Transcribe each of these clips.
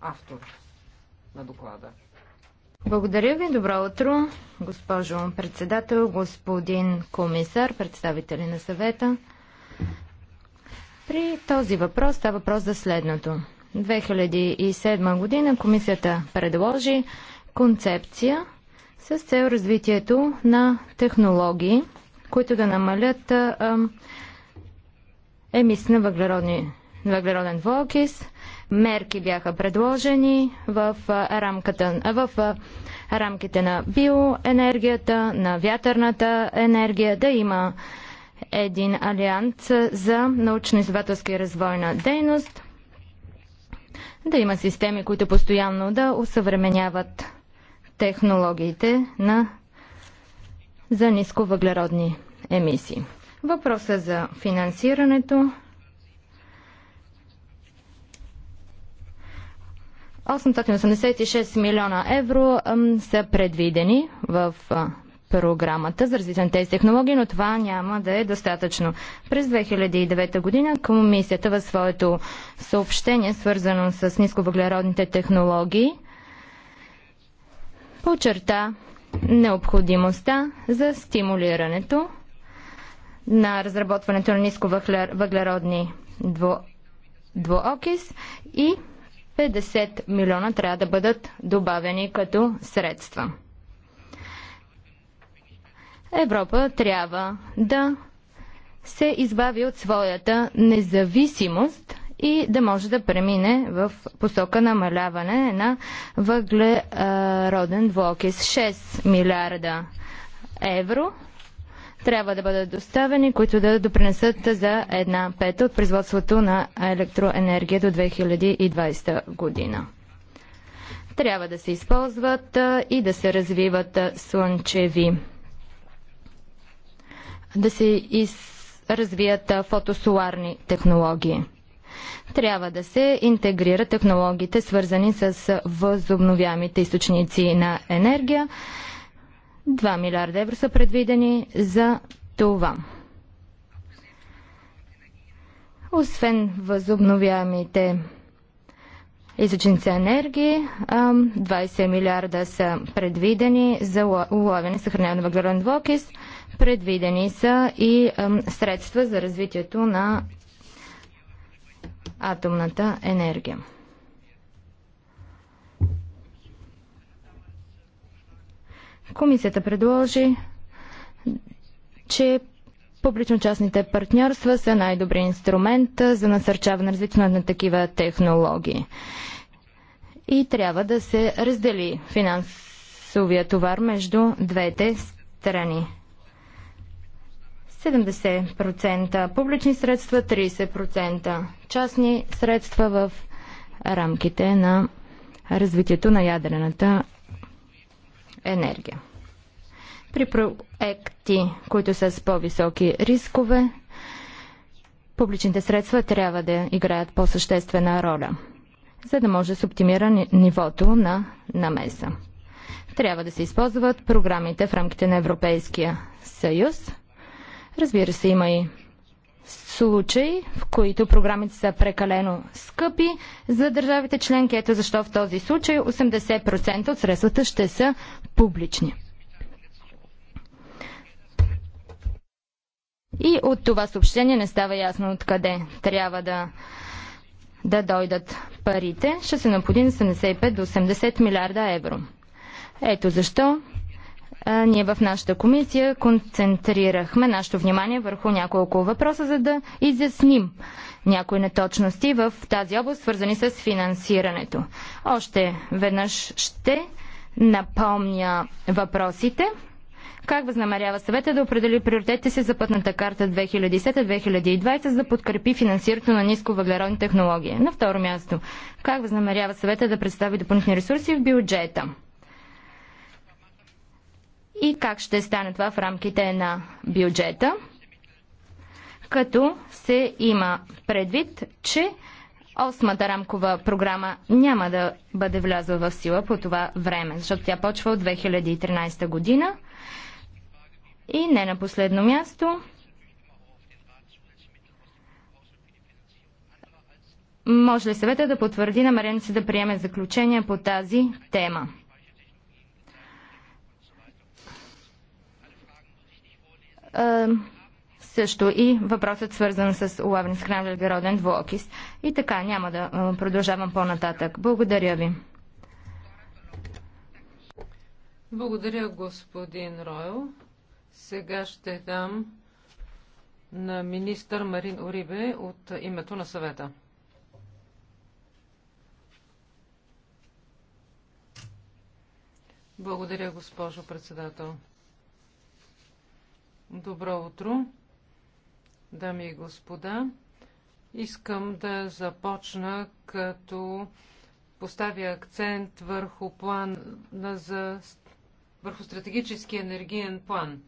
автор на доклада. Благодаря ви. Добро утро, госпожо председател, господин комисар, представители на съвета. При този въпрос става въпрос за следното. 2007 година комисията предложи концепция с цел развитието на технологии, които да намалят емисия на въглероден двуокис мерки бяха предложени в, рамката, в рамките на биоенергията, на вятърната енергия, да има един алианс за научно-изследователска и развойна дейност, да има системи, които постоянно да усъвременяват технологиите на, за нисковъглеродни емисии. Въпроса за финансирането 886 милиона евро са предвидени в програмата за развитие на тези технологии, но това няма да е достатъчно. През 2009 година комисията във своето съобщение, свързано с нисковъглеродните технологии, почерта необходимостта за стимулирането на разработването на нисковъглеродни двуокис и 50 милиона трябва да бъдат добавени като средства. Европа трябва да се избави от своята независимост и да може да премине в посока намаляване на въглероден двуокис 6 милиарда евро трябва да бъдат доставени, които да допринесат за една пета от производството на електроенергия до 2020 година. Трябва да се използват и да се развиват слънчеви. Да се из... развият фотосоларни технологии трябва да се интегрират технологиите, свързани с възобновяемите източници на енергия 2 милиарда евро са предвидени за това. Освен възобновяемите източници енергии, 20 милиарда са предвидени за улавяне и съхраняване на въглероден двокис. Предвидени са и средства за развитието на атомната енергия. Комисията предложи, че публично-частните партньорства са най-добри инструмент за насърчаване развитието на такива технологии. И трябва да се раздели финансовия товар между двете страни. 70% публични средства, 30% частни средства в рамките на развитието на ядрената енергия. При проекти, които са с по-високи рискове, публичните средства трябва да играят по-съществена роля, за да може да се оптимира нивото на намеса. Трябва да се използват програмите в рамките на Европейския съюз. Разбира се, има и случаи, в които програмите са прекалено скъпи за държавите членки. Ето защо в този случай 80% от средствата ще са публични. И от това съобщение не става ясно откъде трябва да, да дойдат парите. Ще се необходим 75 до 80 милиарда евро. Ето защо ние в нашата комисия концентрирахме нашето внимание върху няколко въпроса, за да изясним някои неточности в тази област, свързани с финансирането. Още веднъж ще напомня въпросите. Как възнамерява съвета да определи приоритетите си за пътната карта 2010-2020, за да подкрепи финансирането на ниско въглеродни технологии? На второ място, как възнамерява съвета да представи допълнителни ресурси в бюджета? и как ще стане това в рамките на бюджета, като се има предвид, че Осмата рамкова програма няма да бъде влязла в сила по това време, защото тя почва от 2013 година. И не на последно място, може ли съвета да потвърди намерението си да приеме заключение по тази тема? също и въпросът свързан с улавен с въглероден двуокис. И така, няма да продължавам по-нататък. Благодаря ви. Благодаря, господин Ройл. Сега ще дам на министър Марин Орибе от името на съвета. Благодаря, госпожо председател. Добро утро, дами и господа. Искам да започна като поставя акцент върху план на за върху стратегически енергиен план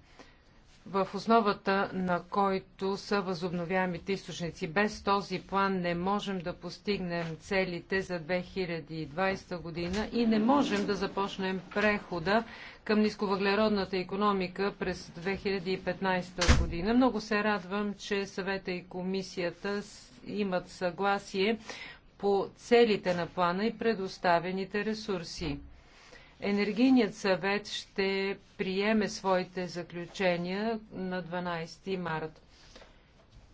в основата на който са възобновяемите източници. Без този план не можем да постигнем целите за 2020 година и не можем да започнем прехода към нисковъглеродната економика през 2015 година. Много се радвам, че съвета и комисията имат съгласие по целите на плана и предоставените ресурси. Енергийният съвет ще приеме своите заключения на 12 март.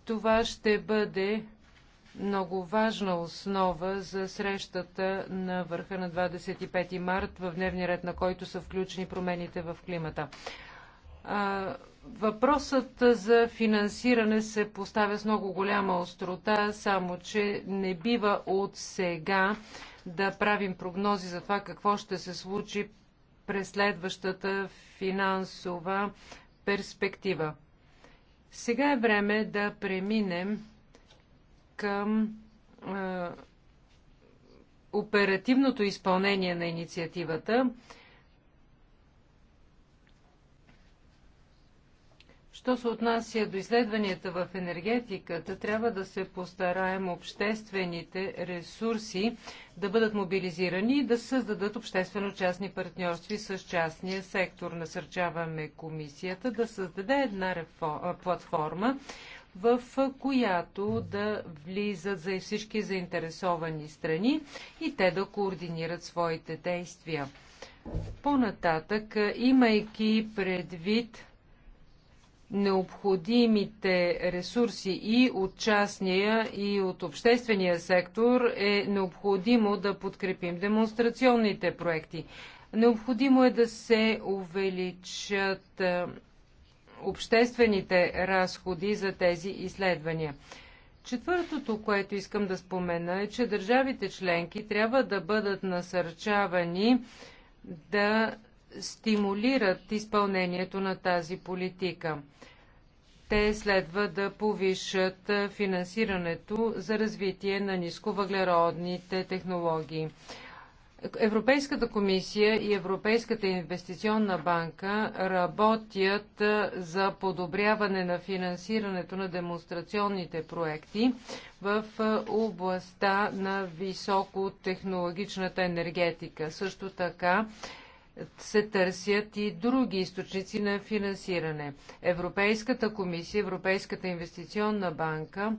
Това ще бъде много важна основа за срещата на върха на 25 март, в дневния ред на който са включени промените в климата. Въпросът за финансиране се поставя с много голяма острота, само че не бива от сега да правим прогнози за това какво ще се случи през следващата финансова перспектива. Сега е време да преминем към е, оперативното изпълнение на инициативата Що се отнася до изследванията в енергетиката, трябва да се постараем обществените ресурси да бъдат мобилизирани и да създадат обществено-частни партньорства с частния сектор. Насърчаваме комисията да създаде една платформа, в която да влизат за всички заинтересовани страни и те да координират своите действия. По-нататък, имайки предвид необходимите ресурси и от частния, и от обществения сектор, е необходимо да подкрепим демонстрационните проекти. Необходимо е да се увеличат е, обществените разходи за тези изследвания. Четвъртото, което искам да спомена е, че държавите членки трябва да бъдат насърчавани да стимулират изпълнението на тази политика. Те следва да повишат финансирането за развитие на нисковъглеродните технологии. Европейската комисия и Европейската инвестиционна банка работят за подобряване на финансирането на демонстрационните проекти в областта на високотехнологичната енергетика. Също така се търсят и други източници на финансиране. Европейската комисия, Европейската инвестиционна банка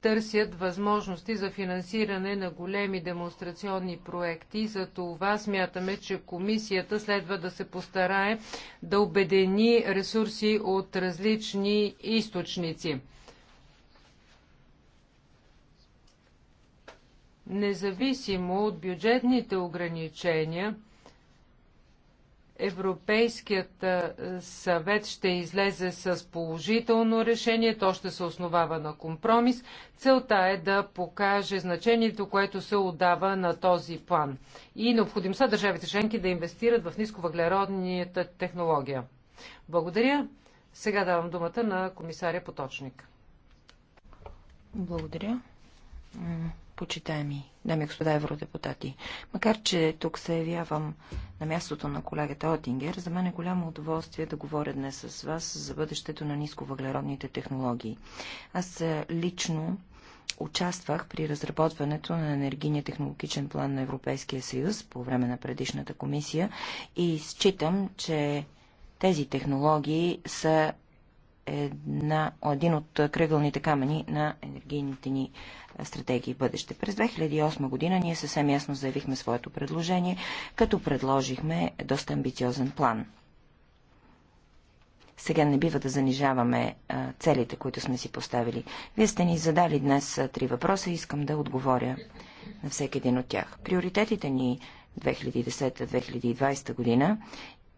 търсят възможности за финансиране на големи демонстрационни проекти. За това смятаме, че комисията следва да се постарае да обедени ресурси от различни източници. Независимо от бюджетните ограничения, Европейският съвет ще излезе с положително решение, то ще се основава на компромис. Целта е да покаже значението, което се отдава на този план и необходимостта държавите членки да инвестират в нисковъглеродната технология. Благодаря. Сега давам думата на комисаря Поточник. Благодаря почитаеми дами и господа евродепутати. Макар, че тук се явявам на мястото на колегата Отингер, за мен е голямо удоволствие да говоря днес с вас за бъдещето на нисковъглеродните технологии. Аз е, лично участвах при разработването на енергийния технологичен план на Европейския съюз по време на предишната комисия и считам, че тези технологии са една, един от кръгълните камъни на енергийните ни стратегии бъдеще. През 2008 година ние съвсем ясно заявихме своето предложение, като предложихме доста амбициозен план. Сега не бива да занижаваме целите, които сме си поставили. Вие сте ни задали днес три въпроса и искам да отговоря на всеки един от тях. Приоритетите ни 2010-2020 година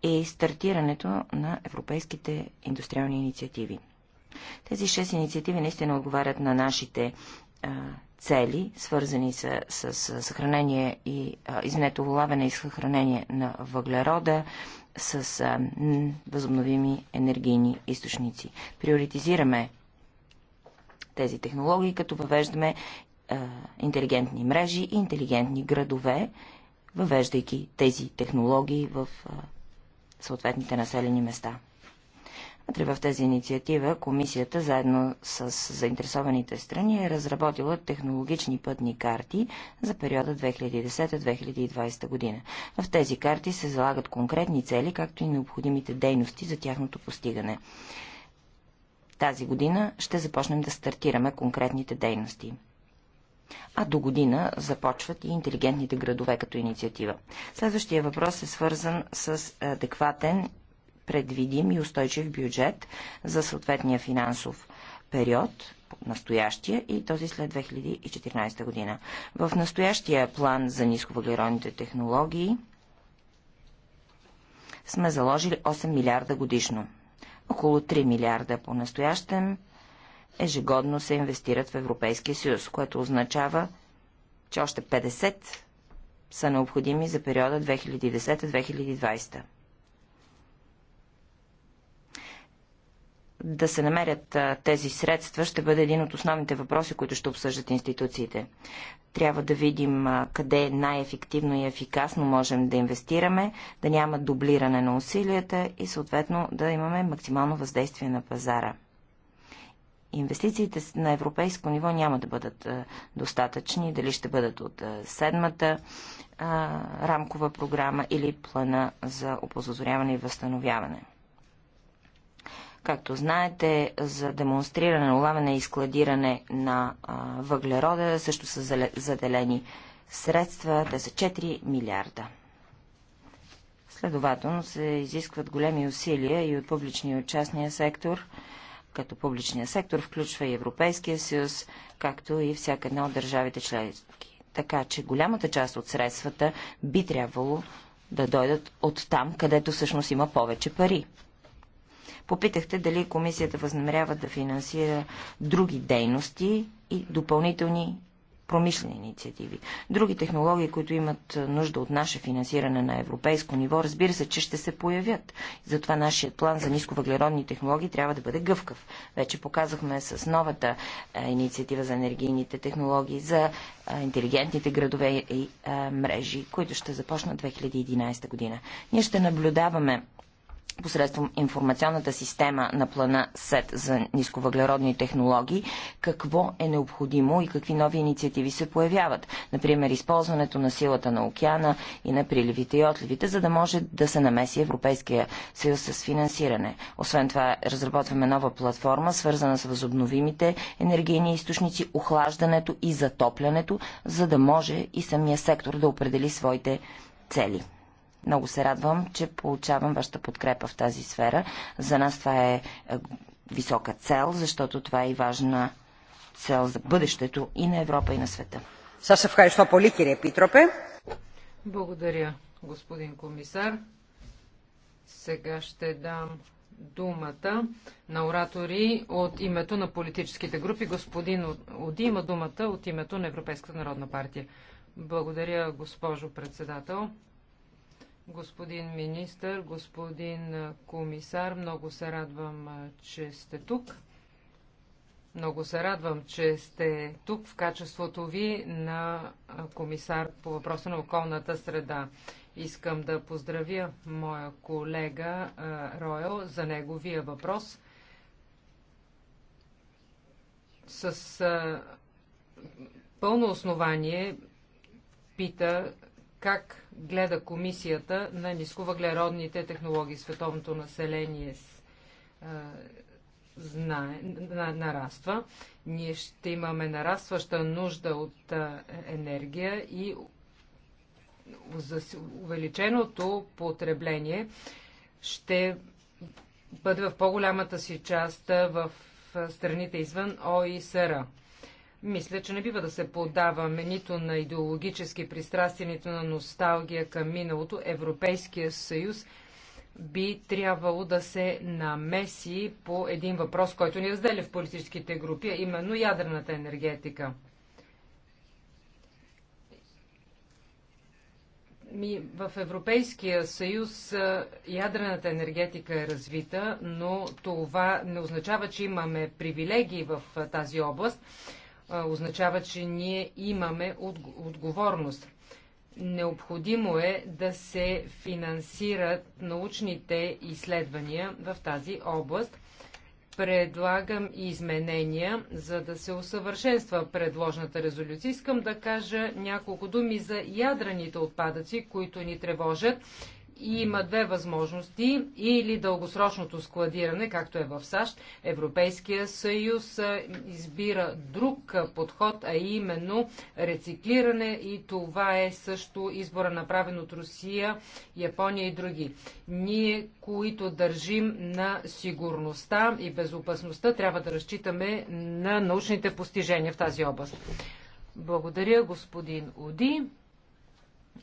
и е стартирането на европейските индустриални инициативи. Тези шест инициативи наистина отговарят на нашите а, цели, свързани с, с, с съхранение и, изнето извинете, улавяне и съхранение на въглерода, с а, м, възобновими енергийни източници. Приоритизираме тези технологии, като въвеждаме а, интелигентни мрежи и интелигентни градове, въвеждайки тези технологии в а, съответните населени места. Вътре в тази инициатива комисията, заедно с заинтересованите страни, е разработила технологични пътни карти за периода 2010-2020 година. В тези карти се залагат конкретни цели, както и необходимите дейности за тяхното постигане. Тази година ще започнем да стартираме конкретните дейности а до година започват и интелигентните градове като инициатива. Следващия въпрос е свързан с адекватен, предвидим и устойчив бюджет за съответния финансов период, настоящия и този след 2014 година. В настоящия план за нисковъглеродните технологии сме заложили 8 милиарда годишно. Около 3 милиарда по настоящем ежегодно се инвестират в Европейския съюз, което означава, че още 50 са необходими за периода 2010-2020. да се намерят а, тези средства ще бъде един от основните въпроси, които ще обсъждат институциите. Трябва да видим а, къде е най-ефективно и ефикасно можем да инвестираме, да няма дублиране на усилията и съответно да имаме максимално въздействие на пазара инвестициите на европейско ниво няма да бъдат достатъчни, дали ще бъдат от седмата рамкова програма или плана за опозозоряване и възстановяване. Както знаете, за демонстриране, улавяне и складиране на въглерода също са заделени средства, те са 4 милиарда. Следователно се изискват големи усилия и от публичния и от частния сектор – като публичния сектор включва и Европейския съюз, както и всяка една от държавите членки. Така че голямата част от средствата би трябвало да дойдат от там, където всъщност има повече пари. Попитахте дали комисията възнамерява да финансира други дейности и допълнителни промишлени инициативи. Други технологии, които имат нужда от наше финансиране на европейско ниво, разбира се, че ще се появят. Затова нашият план за нисковъглеродни технологии трябва да бъде гъвкав. Вече показахме с новата инициатива за енергийните технологии, за интелигентните градове и мрежи, които ще започнат 2011 година. Ние ще наблюдаваме посредством информационната система на плана СЕТ за нисковъглеродни технологии, какво е необходимо и какви нови инициативи се появяват. Например, използването на силата на океана и на приливите и отливите, за да може да се намеси Европейския съюз с финансиране. Освен това, разработваме нова платформа, свързана с възобновимите енергийни източници, охлаждането и затоплянето, за да може и самия сектор да определи своите цели. Много се радвам, че получавам вашата подкрепа в тази сфера. За нас това е, е висока цел, защото това е и важна цел за бъдещето и на Европа, и на света. Саша ευχαριστώ πολύ, κύριε Благодаря, господин комисар. Сега ще дам думата на оратори от името на политическите групи. Господин Оди има думата от името на Европейската народна партия. Благодаря, госпожо председател господин министър, господин комисар. Много се радвам, че сте тук. Много се радвам, че сте тук в качеството ви на комисар по въпроса на околната среда. Искам да поздравя моя колега Ройл за неговия въпрос. С пълно основание пита как гледа комисията на нисковъглеродните технологии. Световното население знае, на, нараства. Ние ще имаме нарастваща нужда от а, енергия и за увеличеното потребление ще бъде в по-голямата си част в страните извън ОИСР. Мисля, че не бива да се подаваме нито на идеологически пристрастия, нито на носталгия към миналото. Европейския съюз би трябвало да се намеси по един въпрос, който ни разделя в политическите групи, а именно ядрената енергетика. Ми, в Европейския съюз ядрената енергетика е развита, но това не означава, че имаме привилегии в тази област означава, че ние имаме отговорност. Необходимо е да се финансират научните изследвания в тази област. Предлагам изменения, за да се усъвършенства предложната резолюция. Искам да кажа няколко думи за ядрените отпадъци, които ни тревожат и има две възможности. Или дългосрочното складиране, както е в САЩ. Европейския съюз избира друг подход, а именно рециклиране и това е също избора направен от Русия, Япония и други. Ние, които държим на сигурността и безопасността, трябва да разчитаме на научните постижения в тази област. Благодаря, господин Уди.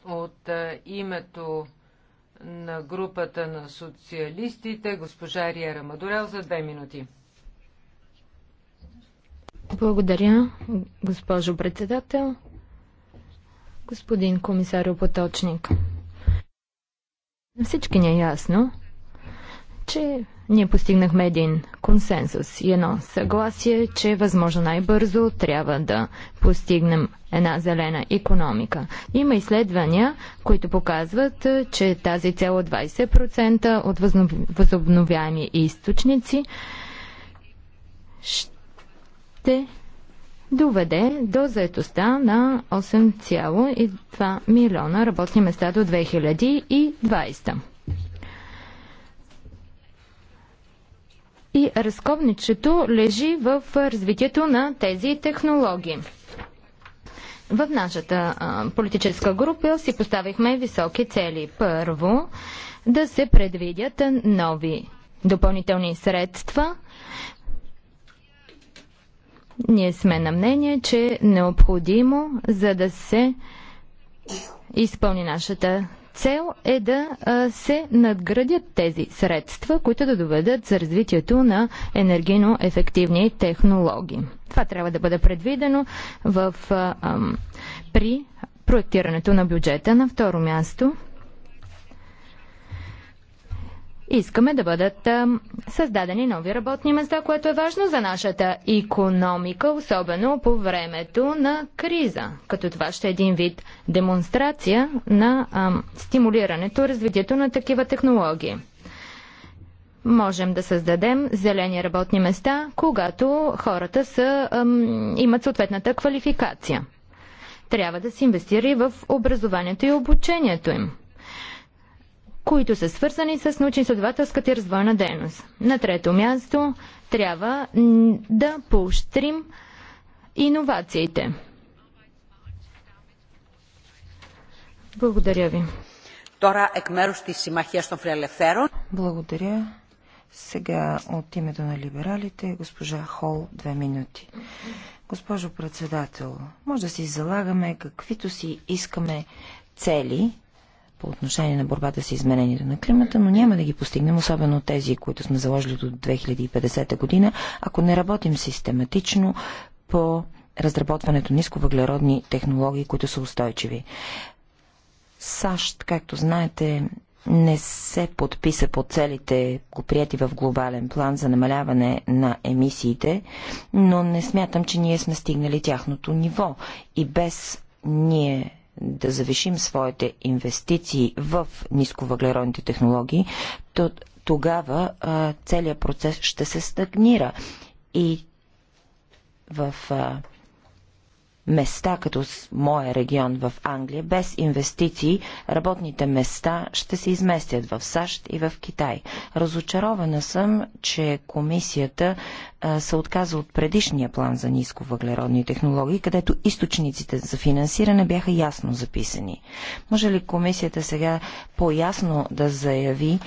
От името на групата на социалистите, госпожа Риера Мадурел, за две минути. Благодаря, госпожо председател. Господин комисар Поточник, на всички ни е ясно, че ние постигнахме един консенсус и едно съгласие, че възможно най-бързо трябва да постигнем една зелена економика. Има изследвания, които показват, че тази цел от 20% от възобновяеми източници ще доведе до заетостта на 8,2 милиона работни места до 2020. И разковничето лежи в развитието на тези технологии. В нашата а, политическа група си поставихме високи цели. Първо, да се предвидят нови допълнителни средства. Ние сме на мнение, че е необходимо, за да се изпълни нашата Цел е да се надградят тези средства, които да доведат за развитието на енергийно ефективни технологии. Това трябва да бъде предвидено в, при проектирането на бюджета. На второ място Искаме да бъдат създадени нови работни места, което е важно за нашата економика, особено по времето на криза, като това ще е един вид демонстрация на стимулирането, развитието на такива технологии можем да създадем зелени работни места, когато хората са, имат съответната квалификация. Трябва да се инвестира и в образованието и обучението им които са свързани с научно-изследователската и развойна дейност. На трето място трябва да поощрим иновациите. Благодаря ви. Благодаря. Сега от името на либералите госпожа Хол две минути. Госпожо председател, може да си залагаме каквито си искаме цели, по отношение на борбата с изменението на климата, но няма да ги постигнем, особено тези, които сме заложили до 2050 година, ако не работим систематично по разработването на нисковъглеродни технологии, които са устойчиви. САЩ, както знаете, не се подписа по целите, прияти в глобален план за намаляване на емисиите, но не смятам, че ние сме стигнали тяхното ниво. И без ние да завишим своите инвестиции в нисковъглеродните технологии, то тогава а, целият процес ще се стагнира. И в а, места, като моя регион в Англия, без инвестиции, работните места ще се изместят в САЩ и в Китай. Разочарована съм, че комисията а, се отказа от предишния план за ниско въглеродни технологии, където източниците за финансиране бяха ясно записани. Може ли комисията сега по-ясно да заяви,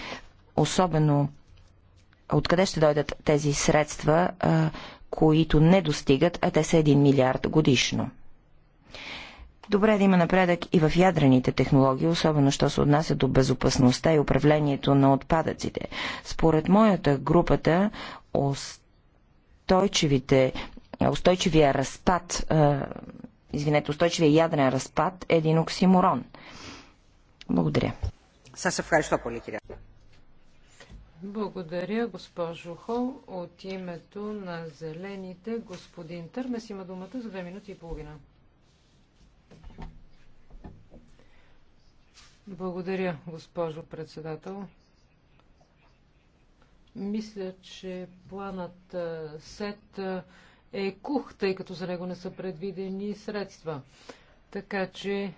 особено откъде ще дойдат тези средства, а, които не достигат, а те са 1 милиард годишно. Добре да има напредък и в ядрените технологии, особено що се отнася до безопасността и управлението на отпадъците. Според моята групата, устойчивите, устойчивия разпад, извинете, устойчивия ядрен разпад е един оксиморон. Благодаря. Σας ευχαριστώ πολύ, κυρία. Благодаря, госпожо Хол. От името на Зелените, господин Търмес има думата за две минути и половина. Благодаря, госпожо председател. Мисля, че планът СЕТ е кух, тъй като за него не са предвидени средства. Така че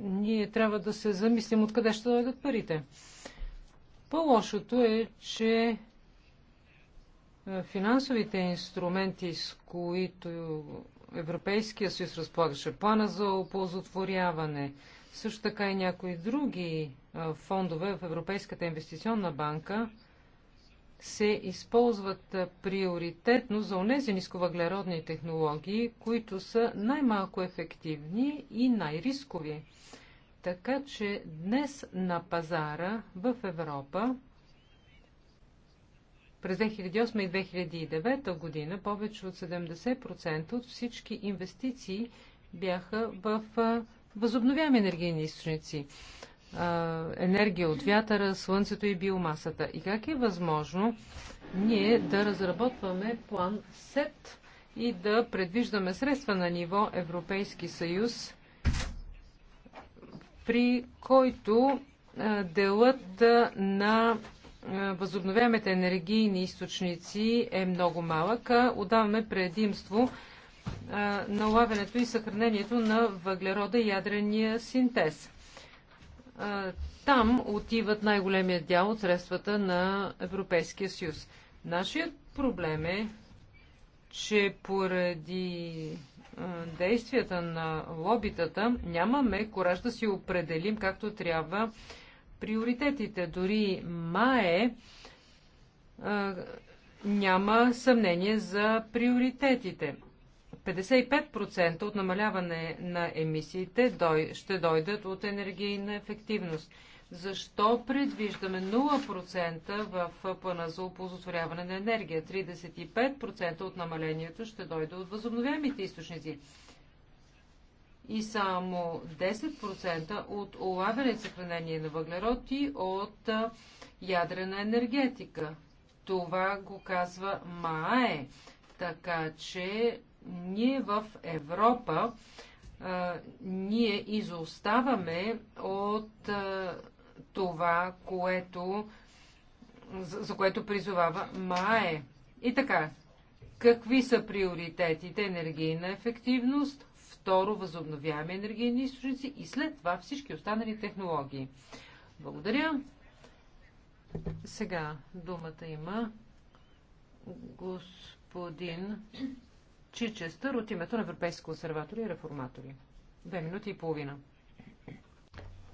ние трябва да се замислим откъде ще дойдат парите. По-лошото е, че е, финансовите инструменти, с които Европейския съюз разполагаше плана за оползотворяване, също така и някои други е, фондове в Европейската инвестиционна банка, се използват е, приоритетно за онези нисковъглеродни технологии, които са най-малко ефективни и най-рискови. Така че днес на пазара в Европа през 2008 и 2009 година повече от 70% от всички инвестиции бяха в възобновяеми енергийни източници. Енергия от вятъра, слънцето и биомасата. И как е възможно ние да разработваме план СЕТ и да предвиждаме средства на ниво Европейски съюз при който делът на възобновяемите енергийни източници е много малък. Отдаваме предимство на лавянето и съхранението на въглерода и ядрения синтез. Там отиват най-големия дял от средствата на Европейския съюз. Нашият проблем е, че поради действията на лобитата, нямаме кораж да си определим както трябва приоритетите. Дори МАЕ няма съмнение за приоритетите. 55% от намаляване на емисиите ще дойдат от енергийна ефективност – защо предвиждаме 0% в плана за оползотворяване на енергия? 35% от намалението ще дойде от възобновяемите източници и само 10% от улавяне и съхранение на въглерод и от ядрена енергетика. Това го казва МАЕ. Така че ние в Европа а, ние изоставаме от а, това, което, за, за което призовава МАЕ. И така, какви са приоритетите? Енергийна ефективност, второ, възобновяеми енергийни източници и след това всички останали технологии. Благодаря. Сега думата има господин Чичестър от името на Европейски консерватори и реформатори. Две минути и половина.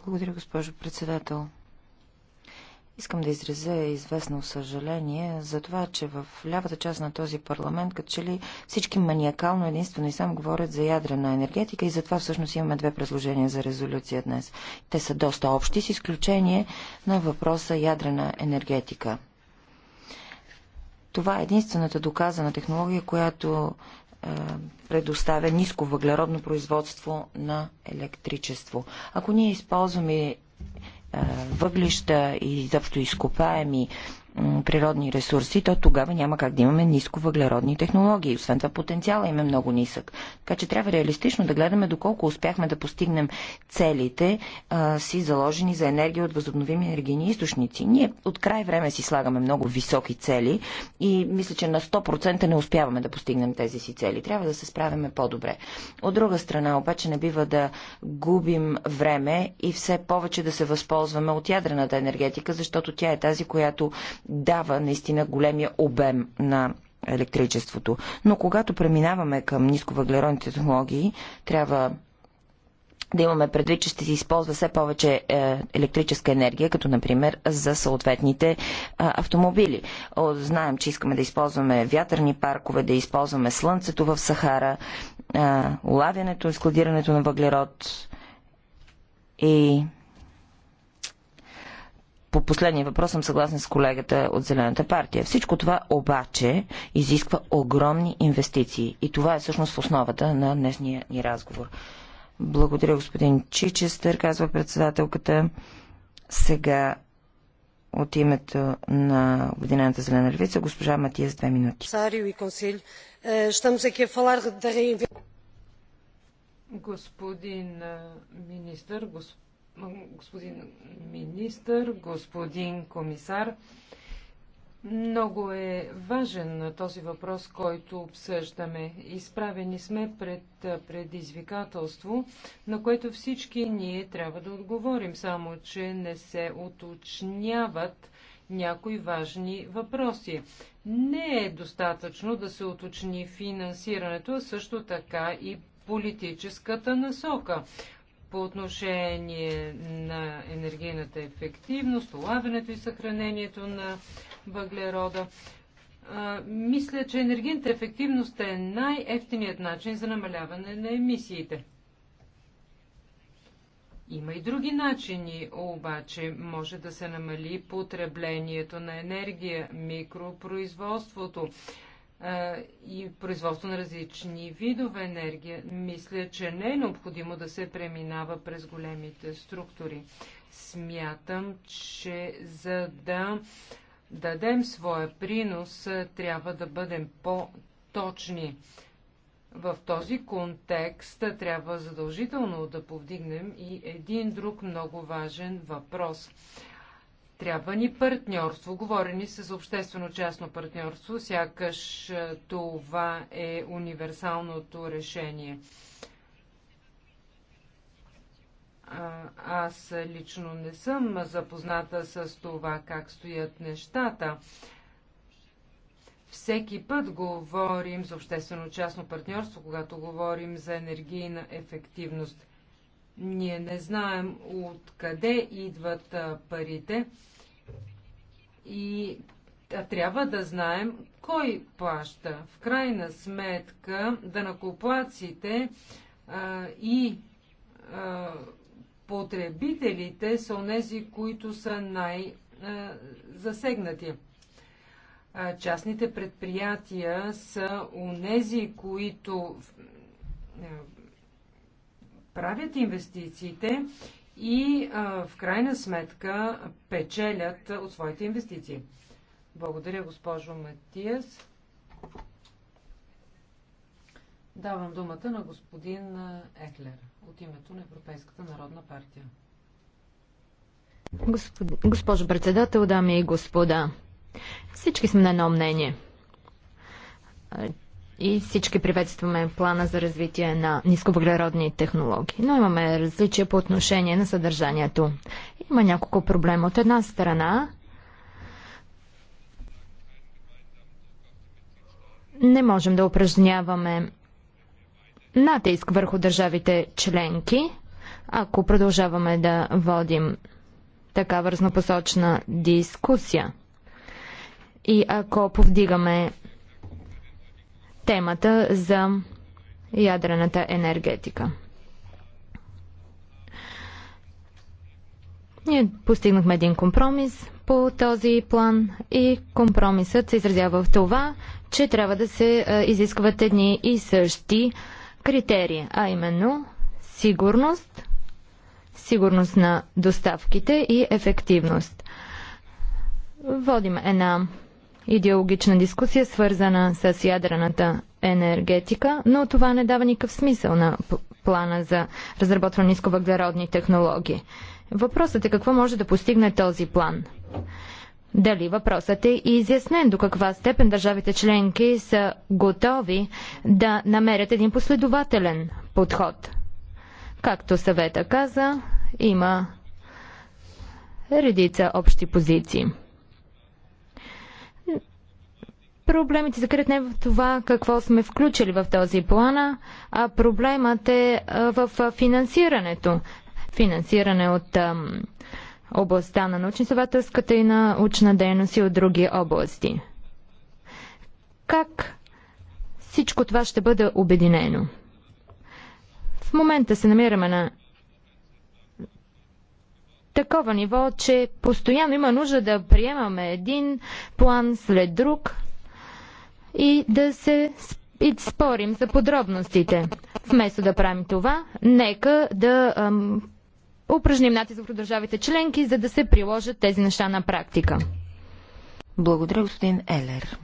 Благодаря, госпожо председател. Искам да изразя известно съжаление за това, че в лявата част на този парламент, като че ли всички маниакално единствено и сам говорят за ядрена енергетика и затова всъщност имаме две предложения за резолюция днес. Те са доста общи, с изключение на въпроса ядрена енергетика. Това е единствената доказана технология, която предоставя ниско въглеродно производство на електричество. Ако ние използваме въглища и изобщо изкопаеми природни ресурси, то тогава няма как да имаме ниско въглеродни технологии. Освен това потенциала им е много нисък. Така че трябва реалистично да гледаме доколко успяхме да постигнем целите а, си заложени за енергия от възобновими енергийни източници. Ние от край време си слагаме много високи цели и мисля, че на 100% не успяваме да постигнем тези си цели. Трябва да се справяме по-добре. От друга страна, обаче не бива да губим време и все повече да се възползваме от ядрената енергетика, защото тя е тази, която дава наистина големия обем на електричеството. Но когато преминаваме към нисковъглеродните технологии, трябва да имаме предвид, че ще се използва все повече е, електрическа енергия, като например за съответните е, автомобили. Знаем, че искаме да използваме вятърни паркове, да използваме слънцето в Сахара, е, улавянето и складирането на въглерод и по последния въпрос съм съгласна с колегата от Зелената партия. Всичко това обаче изисква огромни инвестиции и това е всъщност основата на днешния ни разговор. Благодаря господин Чичестър, казва председателката. Сега от името на Обединената зелена львица, госпожа Матия с две минути. Е, господин е, министър, господин господин министър, господин комисар. Много е важен този въпрос, който обсъждаме. Изправени сме пред предизвикателство, на което всички ние трябва да отговорим, само че не се уточняват някои важни въпроси. Не е достатъчно да се уточни финансирането, а също така и политическата насока по отношение на енергийната ефективност, улавянето и съхранението на въглерода. Мисля, че енергийната ефективност е най-ефтиният начин за намаляване на емисиите. Има и други начини, обаче може да се намали потреблението на енергия, микропроизводството, и производство на различни видове енергия. Мисля, че не е необходимо да се преминава през големите структури. Смятам, че за да дадем своя принос, трябва да бъдем по-точни. В този контекст трябва задължително да повдигнем и един друг много важен въпрос – трябва ни партньорство. Говорени се за обществено-частно партньорство, сякаш това е универсалното решение. Аз лично не съм запозната с това как стоят нещата. Всеки път говорим за обществено-частно партньорство, когато говорим за енергийна ефективност. Ние не знаем откъде идват парите и а трябва да знаем кой плаща. В крайна сметка, данакоплаците и а, потребителите са онези, които са най-засегнати. Частните предприятия са онези, които правят инвестициите и а, в крайна сметка печелят от своите инвестиции. Благодаря, госпожо Матиас. Давам думата на господин Еклер от името на Европейската народна партия. Господ... Госпожо председател, дами и господа, всички сме на едно мнение, и всички приветстваме плана за развитие на нисковъглеродни технологии, но имаме различия по отношение на съдържанието. Има няколко проблема. От една страна, не можем да упражняваме натиск върху държавите членки, ако продължаваме да водим така разнопосочна дискусия. И ако повдигаме темата за ядрената енергетика. Ние постигнахме един компромис по този план и компромисът се изразява в това, че трябва да се изискват едни и същи критерии, а именно сигурност, сигурност на доставките и ефективност. Водим една идеологична дискусия, свързана с ядрената енергетика, но това не дава никакъв смисъл на плана за разработване на нисковъглеродни технологии. Въпросът е какво може да постигне този план. Дали въпросът е изяснен до каква степен държавите членки са готови да намерят един последователен подход? Както съвета каза, има редица общи позиции. Проблемите се не в това какво сме включили в този план, а проблемът е в финансирането. Финансиране от областта на научно съвателската и на научна дейност и от други области. Как всичко това ще бъде обединено? В момента се намираме на такова ниво, че постоянно има нужда да приемаме един план след друг, и да се и спорим за подробностите. Вместо да правим това, нека да ам, упражним натиск върху държавите членки, за да се приложат тези неща на практика. Благодаря, господин Елер.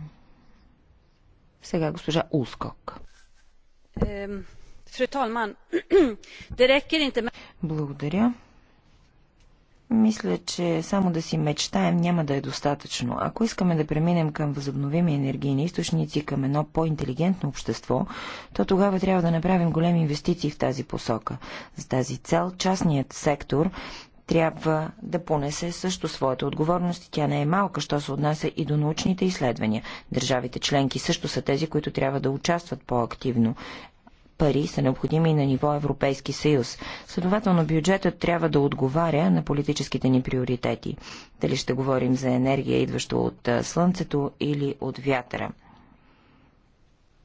Сега госпожа Ускок. Благодаря. Мисля, че само да си мечтаем няма да е достатъчно. Ако искаме да преминем към възобновими енергийни източници, към едно по-интелигентно общество, то тогава трябва да направим големи инвестиции в тази посока. За тази цел частният сектор трябва да понесе също своята отговорност. Тя не е малка, що се отнася и до научните изследвания. Държавите членки също са тези, които трябва да участват по-активно пари са необходими и на ниво Европейски съюз. Следователно бюджетът трябва да отговаря на политическите ни приоритети. Дали ще говорим за енергия, идваща от слънцето или от вятъра.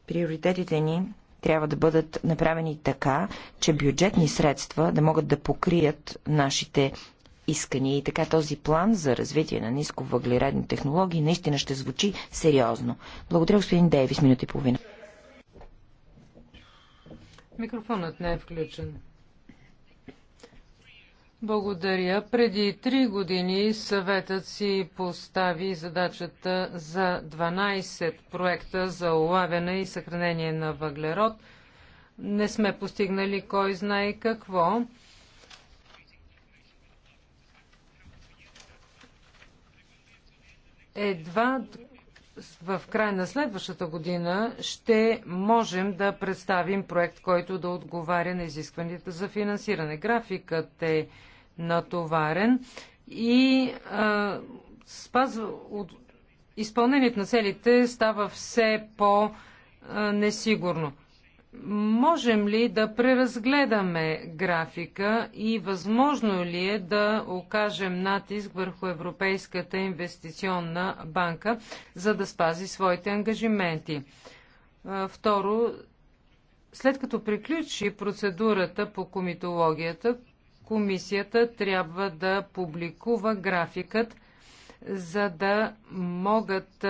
Приоритетите ни трябва да бъдат направени така, че бюджетни средства да могат да покрият нашите искания. И така този план за развитие на нисковъглеродни технологии наистина ще звучи сериозно. Благодаря, господин Дейвис, минута и половина. Микрофонът не е включен. Благодаря. Преди три години съветът си постави задачата за 12 проекта за улавяне и съхранение на въглерод. Не сме постигнали кой знае какво. Едва в края на следващата година ще можем да представим проект, който да отговаря на изискванията за финансиране. Графикът е натоварен и а, спазва, от, изпълнението на целите става все по-несигурно можем ли да преразгледаме графика и възможно ли е да окажем натиск върху Европейската инвестиционна банка, за да спази своите ангажименти? Второ, след като приключи процедурата по комитологията, комисията трябва да публикува графикът за да могат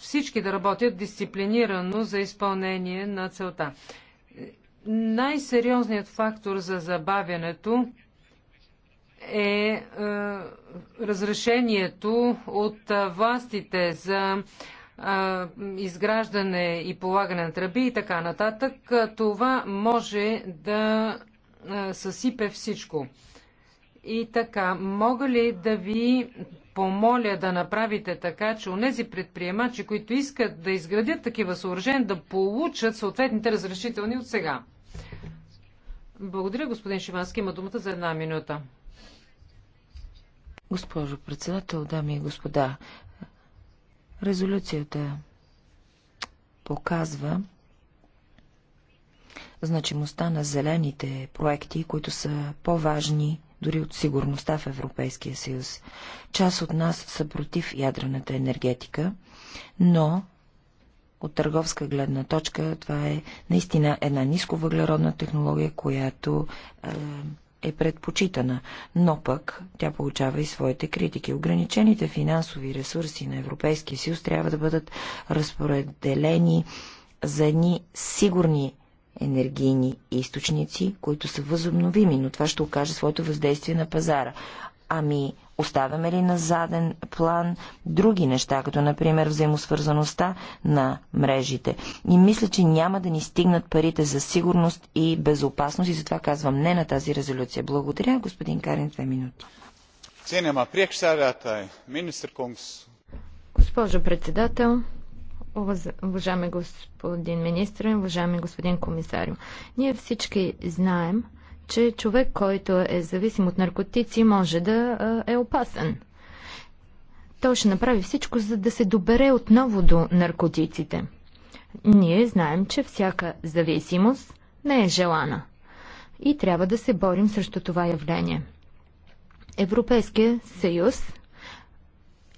всички да работят дисциплинирано за изпълнение на целта. Най-сериозният фактор за забавянето е разрешението от властите за изграждане и полагане на тръби и така нататък. Това може да съсипе всичко. И така, мога ли да ви помоля да направите така, че онези предприемачи, които искат да изградят такива съоръжения, да получат съответните разрешителни от сега? Благодаря, господин Шивански. Има думата за една минута. Госпожо председател, дами и господа, резолюцията показва значимостта на зелените проекти, които са по-важни дори от сигурността в Европейския съюз. Част от нас са против ядрената енергетика, но от търговска гледна точка това е наистина една нисковъглеродна технология, която е, е предпочитана, но пък тя получава и своите критики. Ограничените финансови ресурси на Европейския съюз трябва да бъдат разпределени за едни сигурни енергийни източници, които са възобновими, но това ще окаже своето въздействие на пазара. Ами, оставяме ли на заден план други неща, като например взаимосвързаността на мрежите? И мисля, че няма да ни стигнат парите за сигурност и безопасност и затова казвам не на тази резолюция. Благодаря, господин Карин, две минути. Госпожо председател, Уважаеми господин министр, уважаеми господин комисар, ние всички знаем, че човек, който е зависим от наркотици, може да е опасен. Той ще направи всичко, за да се добере отново до наркотиците. Ние знаем, че всяка зависимост не е желана. И трябва да се борим срещу това явление. Европейския съюз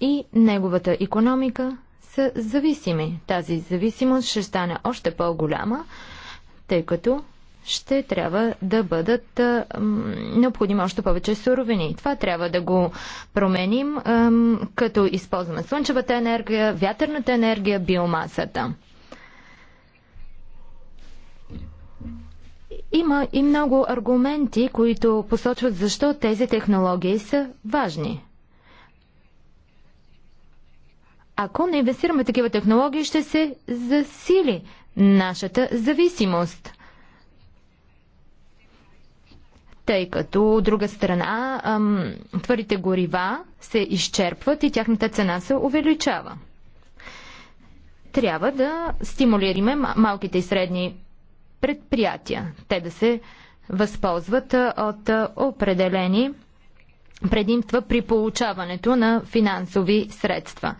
и неговата економика са зависими. Тази зависимост ще стане още по-голяма, тъй като ще трябва да бъдат а, необходими още повече суровини. Това трябва да го променим, а, като използваме слънчевата енергия, вятърната енергия, биомасата. Има и много аргументи, които посочват защо тези технологии са важни. Ако не инвестираме в такива технологии, ще се засили нашата зависимост. Тъй като, от друга страна, ам, твърдите горива се изчерпват и тяхната цена се увеличава. Трябва да стимулираме малките и средни предприятия. Те да се възползват от определени предимства при получаването на финансови средства.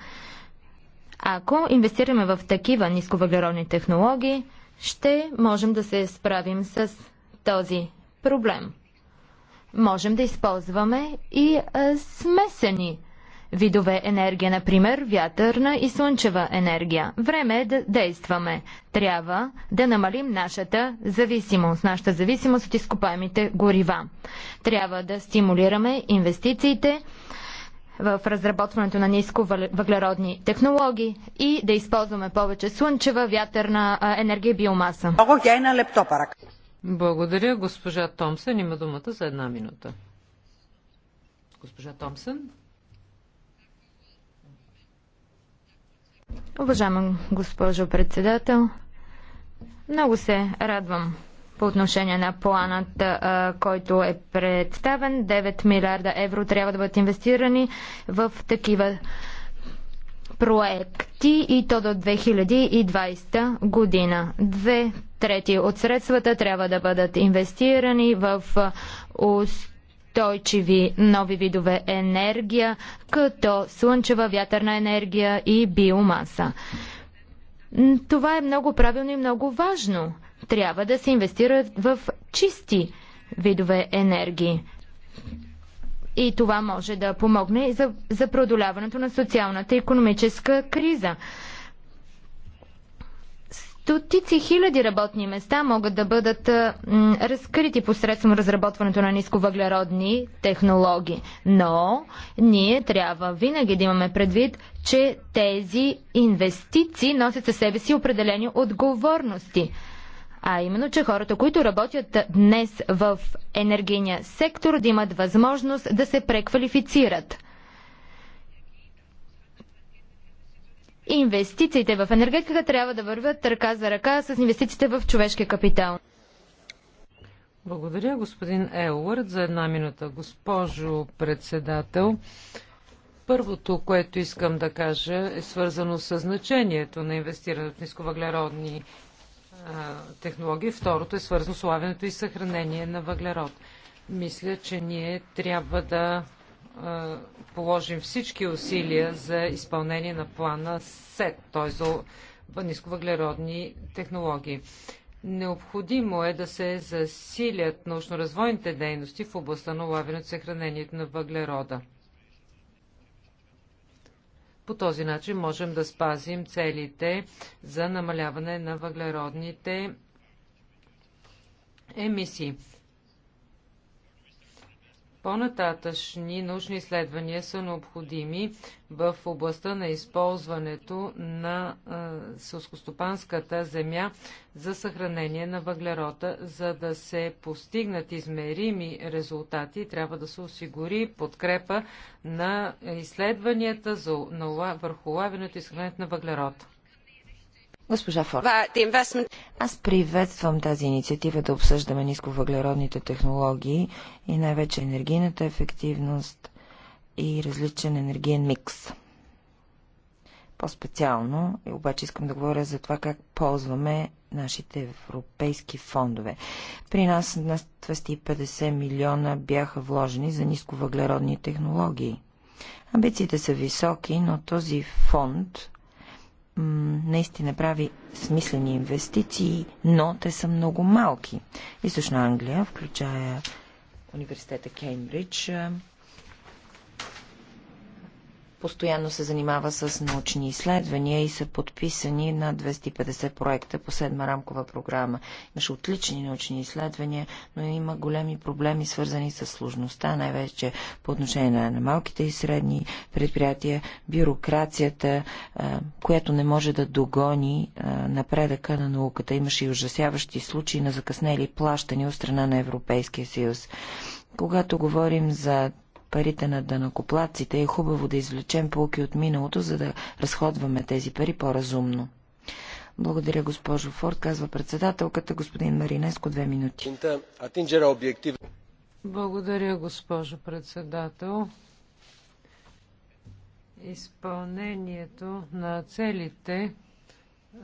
Ако инвестираме в такива нисковъглеродни технологии, ще можем да се справим с този проблем. Можем да използваме и а, смесени видове енергия, например вятърна и слънчева енергия. Време е да действаме. Трябва да намалим нашата зависимост, нашата зависимост от изкопаемите горива. Трябва да стимулираме инвестициите в разработването на ниско въглеродни технологии и да използваме повече слънчева, вятърна енергия и биомаса. Благодаря. Госпожа Томсън има думата за една минута. Госпожа Томсън. Уважаема госпожо председател, много се радвам по отношение на планът, който е представен. 9 милиарда евро трябва да бъдат инвестирани в такива проекти и то до 2020 година. Две трети от средствата трябва да бъдат инвестирани в устойчиви нови видове енергия, като слънчева вятърна енергия и биомаса. Това е много правилно и много важно. Трябва да се инвестира в чисти видове енергии. И това може да помогне и за, за продоляването на социалната и економическа криза. Стотици хиляди работни места могат да бъдат м, разкрити посредством разработването на нисковъглеродни технологии. Но ние трябва винаги да имаме предвид, че тези инвестиции носят със себе си определени отговорности а именно, че хората, които работят днес в енергийния сектор, да имат възможност да се преквалифицират. Инвестициите в енергетиката трябва да вървят ръка за ръка с инвестициите в човешкия капитал. Благодаря, господин Елвард, за една минута. Госпожо председател, първото, което искам да кажа, е свързано с значението на инвестирането в нисковъглеродни технологии. Второто е свързано с улавянето и съхранение на въглерод. Мисля, че ние трябва да положим всички усилия за изпълнение на плана СЕТ, т.е. за нисковъглеродни технологии. Необходимо е да се засилят научно-развойните дейности в областта на лавянето и съхранението на въглерода. По този начин можем да спазим целите за намаляване на въглеродните емисии. По-нататъчни научни изследвания са необходими в областта на използването на сълскостопанската земя за съхранение на въглерода. За да се постигнат измерими резултати, трябва да се осигури подкрепа на изследванията за, на, върху лавянето и съхранението на въглерода. Госпожа Форд, аз приветствам тази инициатива да обсъждаме нисковъглеродните технологии и най-вече енергийната ефективност и различен енергиен микс. По-специално, обаче искам да говоря за това как ползваме нашите европейски фондове. При нас на 250 милиона бяха вложени за нисковъглеродни технологии. Амбициите са високи, но този фонд наистина прави смислени инвестиции, но те са много малки. Източна Англия, включая университета Кеймбридж, постоянно се занимава с научни изследвания и са подписани на 250 проекта по седма рамкова програма. Имаше отлични научни изследвания, но има големи проблеми, свързани с сложността, най-вече по отношение на малките и средни предприятия, бюрокрацията, която не може да догони напредъка на науката. Имаше и ужасяващи случаи на закъснели плащания от страна на Европейския съюз. Когато говорим за парите на данокоплаците, е хубаво да извлечем полки от миналото, за да разходваме тези пари по-разумно. Благодаря, госпожо Форд, казва председателката, господин Маринеско, две минути. Благодаря, госпожо председател. Изпълнението на целите,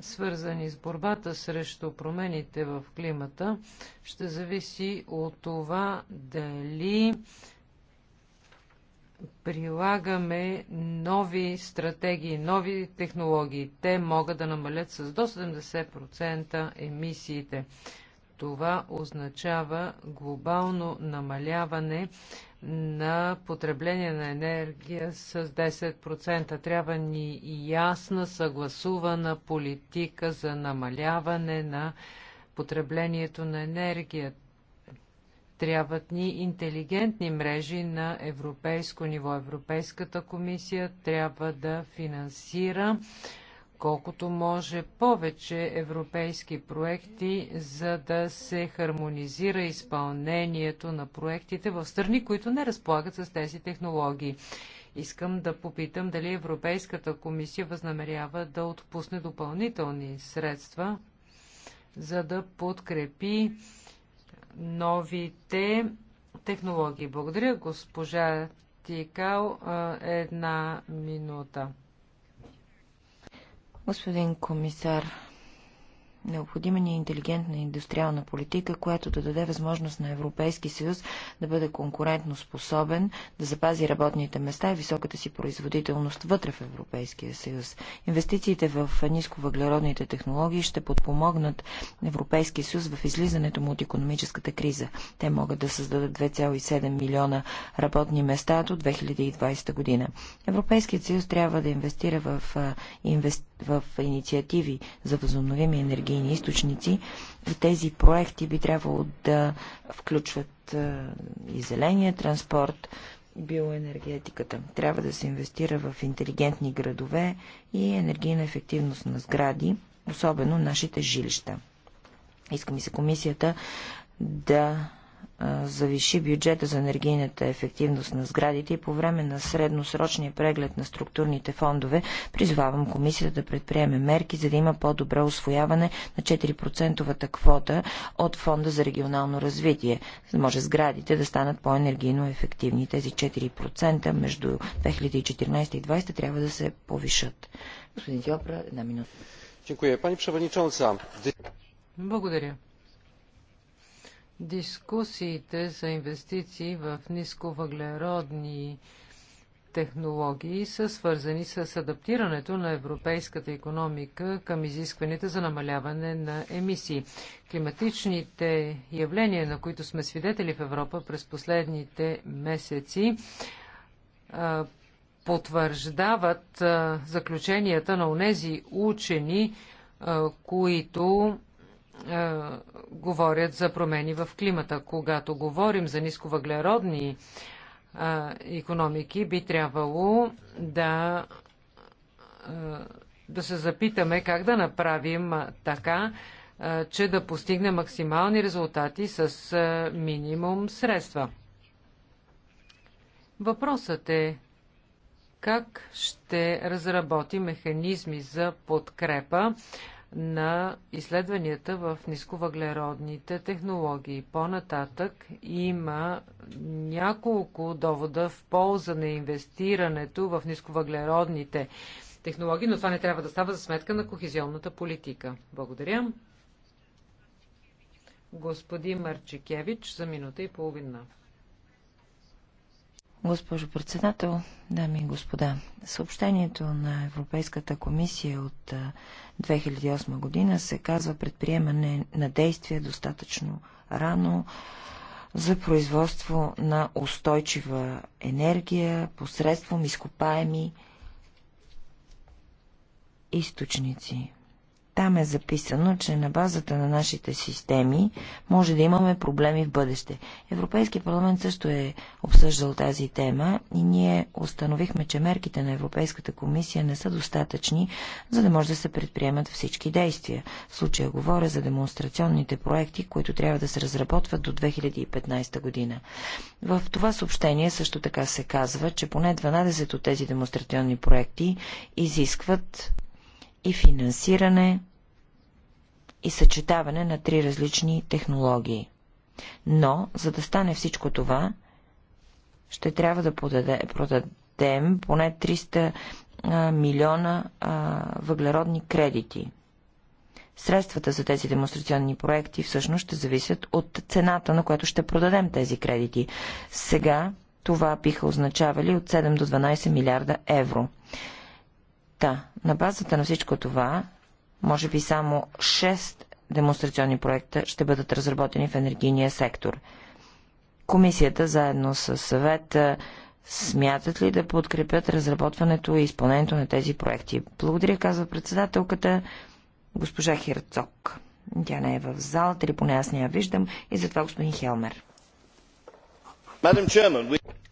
свързани с борбата срещу промените в климата, ще зависи от това дали прилагаме нови стратегии, нови технологии. Те могат да намалят с до 70% емисиите. Това означава глобално намаляване на потребление на енергия с 10%. Трябва ни ясна, съгласувана политика за намаляване на потреблението на енергия. Трябват ни интелигентни мрежи на европейско ниво. Европейската комисия трябва да финансира колкото може повече европейски проекти, за да се хармонизира изпълнението на проектите в страни, които не разполагат с тези технологии. Искам да попитам дали Европейската комисия възнамерява да отпусне допълнителни средства, за да подкрепи новите технологии. Благодаря, госпожа Тикал. Една минута. Господин комисар, Необходима ни е интелигентна индустриална политика, която да даде възможност на Европейски съюз да бъде конкурентно способен, да запази работните места и високата си производителност вътре в Европейския съюз. Инвестициите в нисковъглеродните технологии ще подпомогнат Европейския съюз в излизането му от економическата криза. Те могат да създадат 2,7 милиона работни места до 2020 година. Европейският съюз трябва да инвестира в инвестиции в инициативи за възобновими енергийни източници тези проекти би трябвало да включват и зеления транспорт, биоенергетиката. Трябва да се инвестира в интелигентни градове и енергийна ефективност на сгради, особено нашите жилища. Искам и се комисията да завиши бюджета за енергийната ефективност на сградите и по време на средносрочния преглед на структурните фондове призвавам комисията да предприеме мерки, за да има по добре освояване на 4 квота от фонда за регионално развитие. За да може сградите да станат по-енергийно ефективни. Тези 4% между 2014 и 2020 трябва да се повишат. Господин Тиопра, една минута. Благодаря. Дискусиите за инвестиции в нисковъглеродни технологии са свързани с адаптирането на европейската економика към изискванията за намаляване на емисии. Климатичните явления, на които сме свидетели в Европа през последните месеци, потвърждават заключенията на онези учени, които е, говорят за промени в климата. Когато говорим за нисковъглеродни а, е, економики, би трябвало да, е, да се запитаме как да направим така, че да постигне максимални резултати с минимум средства. Въпросът е как ще разработи механизми за подкрепа на изследванията в нисковъглеродните технологии. По-нататък има няколко довода в полза на инвестирането в нисковъглеродните технологии, но това не трябва да става за сметка на кохезионната политика. Благодаря. Господин Марчикевич за минута и половина. Госпожо председател, дами и господа, съобщението на Европейската комисия от 2008 година се казва предприемане на действия достатъчно рано за производство на устойчива енергия посредством изкопаеми източници. Там е записано, че на базата на нашите системи може да имаме проблеми в бъдеще. Европейския парламент също е обсъждал тази тема и ние установихме, че мерките на Европейската комисия не са достатъчни, за да може да се предприемат всички действия. В случая говоря за демонстрационните проекти, които трябва да се разработват до 2015 година. В това съобщение също така се казва, че поне 12 от тези демонстрационни проекти изискват и финансиране и съчетаване на три различни технологии. Но, за да стане всичко това, ще трябва да подаде, продадем поне 300 а, милиона а, въглеродни кредити. Средствата за тези демонстрационни проекти всъщност ще зависят от цената, на която ще продадем тези кредити. Сега това биха означавали от 7 до 12 милиарда евро. Та, на базата на всичко това може би само 6 демонстрационни проекта ще бъдат разработени в енергийния сектор. Комисията заедно с съвета смятат ли да подкрепят разработването и изпълнението на тези проекти? Благодаря, казва председателката госпожа Херцог. Тя не е в залата, или поне аз не я виждам, и затова господин Хелмер.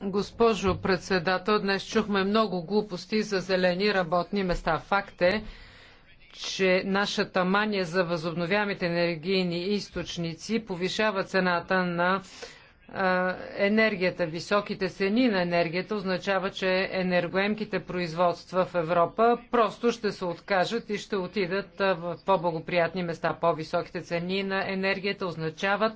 Госпожо председател, днес чухме много глупости за зелени работни места. Факт е, че нашата мания за възобновяемите енергийни източници повишава цената на енергията. Високите цени на енергията означава, че енергоемките производства в Европа просто ще се откажат и ще отидат в по-благоприятни места. По-високите цени на енергията означават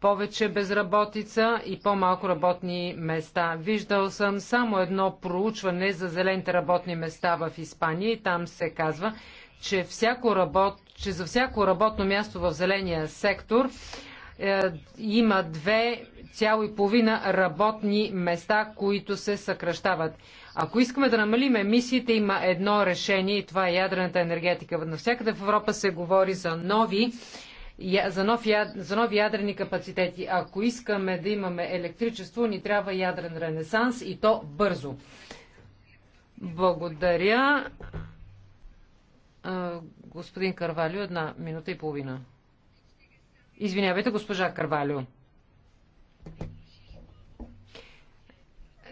повече безработица и по-малко работни места. Виждал съм само едно проучване за зелените работни места в Испания и там се казва, че, всяко работ, че за всяко работно място в зеления сектор е, има две половина работни места, които се съкръщават. Ако искаме да намалим емисиите, има едно решение и това е ядрената енергетика. Навсякъде в Европа се говори за нови за, нов, за нови ядрени капацитети. Ако искаме да имаме електричество, ни трябва ядрен ренесанс и то бързо. Благодаря господин Карвалю, една минута и половина. Извинявайте, госпожа Ниско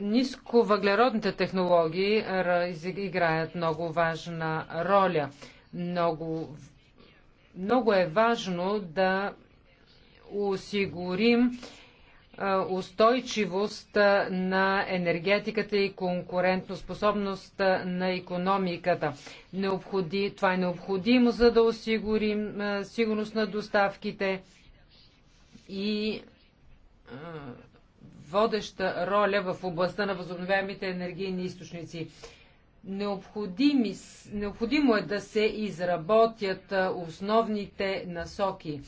Нисковъглеродните технологии играят много важна роля. Много, много е важно да осигурим устойчивост на енергетиката и конкурентоспособност на економиката. Необходи... Това е необходимо, за да осигурим сигурност на доставките и водеща роля в областта на възобновяемите енергийни източници. Необходими, необходимо е да се изработят основните насоки.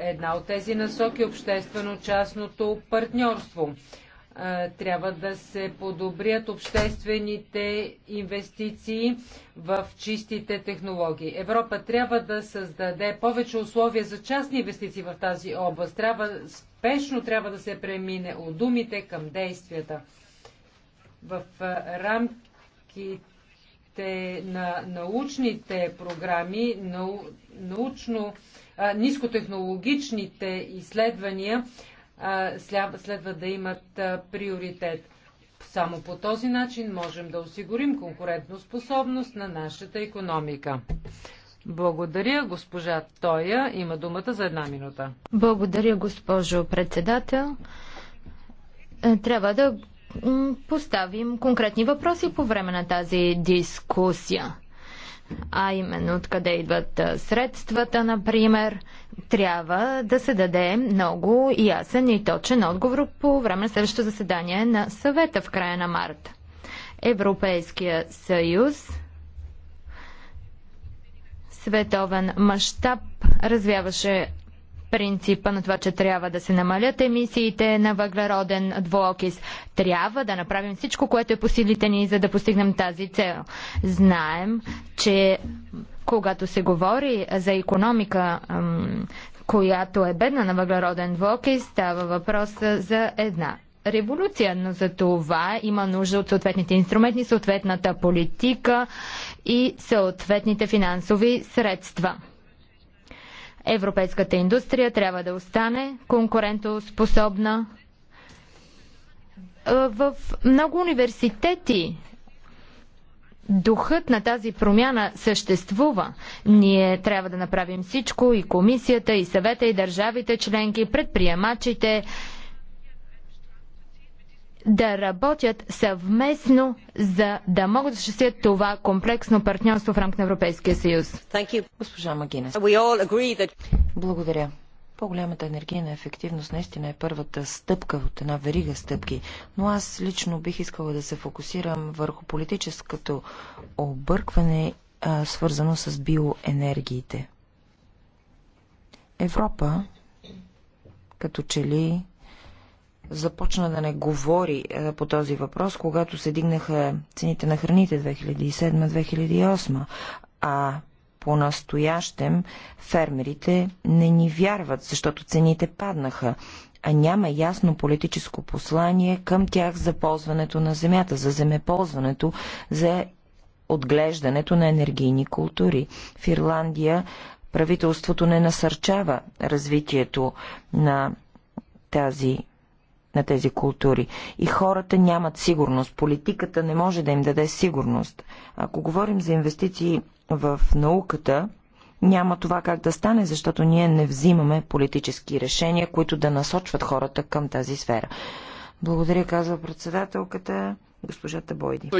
Една от тези насоки обществено-частното партньорство. Трябва да се подобрят обществените инвестиции в чистите технологии. Европа трябва да създаде повече условия за частни инвестиции в тази област. Трябва спешно трябва да се премине от думите към действията. В рамките на научните програми, научно нискотехнологичните изследвания следва да имат приоритет. Само по този начин можем да осигурим конкурентоспособност на нашата економика. Благодаря, госпожа Тоя. Има думата за една минута. Благодаря, госпожо председател. Е, трябва да поставим конкретни въпроси по време на тази дискусия а именно откъде идват средствата, например, трябва да се даде много ясен и точен отговор по време на следващото заседание на съвета в края на март. Европейския съюз световен мащаб развяваше принципа на това, че трябва да се намалят емисиите на въглероден двуокис. Трябва да направим всичко, което е по силите ни, за да постигнем тази цел. Знаем, че когато се говори за економика, която е бедна на въглероден двуокис, става въпрос за една революция, но за това има нужда от съответните инструменти, съответната политика и съответните финансови средства. Европейската индустрия трябва да остане конкурентоспособна. Е, в много университети духът на тази промяна съществува. Ние трябва да направим всичко и комисията, и съвета, и държавите членки, предприемачите, да работят съвместно, за да могат да осъществят това комплексно партньорство в рамките на Европейския съюз. Госпожа Магинес. That... Благодаря. По-голямата енергийна ефективност наистина е първата стъпка от една верига стъпки, но аз лично бих искала да се фокусирам върху политическото объркване, а, свързано с биоенергиите. Европа като че ли започна да не говори е, по този въпрос, когато се дигнаха цените на храните 2007-2008, а по-настоящем фермерите не ни вярват, защото цените паднаха а няма ясно политическо послание към тях за ползването на земята, за земеползването, за отглеждането на енергийни култури. В Ирландия правителството не насърчава развитието на тази на тези култури. И хората нямат сигурност. Политиката не може да им даде сигурност. Ако говорим за инвестиции в науката, няма това как да стане, защото ние не взимаме политически решения, които да насочват хората към тази сфера. Благодаря, казва председателката госпожата Бойди.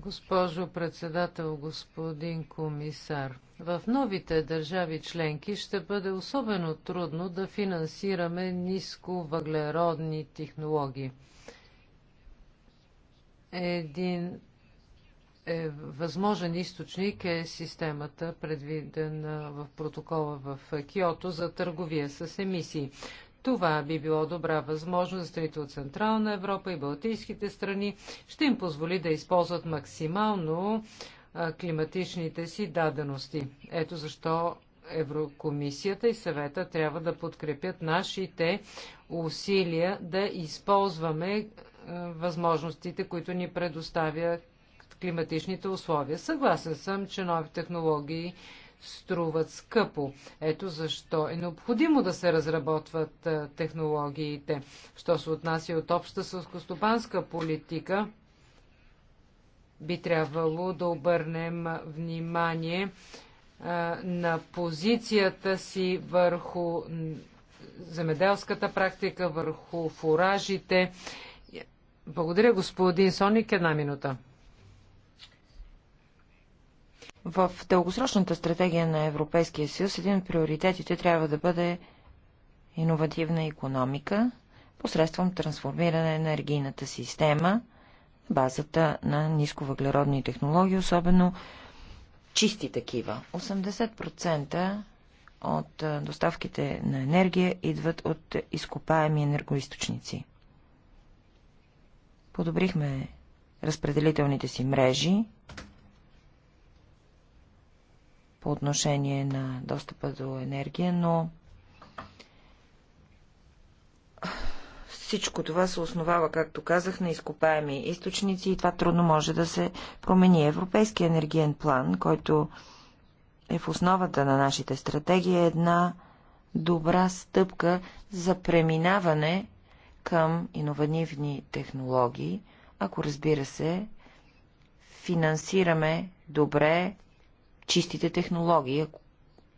Госпожо председател, господин комисар, в новите държави членки ще бъде особено трудно да финансираме ниско въглеродни технологии. Един е възможен източник е системата, предвидена в протокола в Киото за търговия с емисии. Това би било добра възможност за страните от Централна Европа и Балтийските страни. Ще им позволи да използват максимално климатичните си дадености. Ето защо Еврокомисията и съвета трябва да подкрепят нашите усилия да използваме възможностите, които ни предоставя климатичните условия. Съгласен съм, че нови технологии струват скъпо. Ето защо е необходимо да се разработват е, технологиите. Що се отнася от обща сълскостопанска политика, би трябвало да обърнем внимание е, на позицията си върху земеделската практика, върху фуражите. Благодаря, господин Соник. Една минута. В дългосрочната стратегия на Европейския съюз един от приоритетите трябва да бъде иновативна економика посредством трансформиране на енергийната система на базата на нисковъглеродни технологии, особено чисти такива. 80% от доставките на енергия идват от изкопаеми енергоисточници. Подобрихме разпределителните си мрежи, по отношение на достъпа до енергия, но всичко това се основава, както казах, на изкопаеми източници и това трудно може да се промени. Европейския енергиен план, който е в основата на нашите стратегии, е една добра стъпка за преминаване към иновативни технологии, ако разбира се, финансираме добре чистите технологии.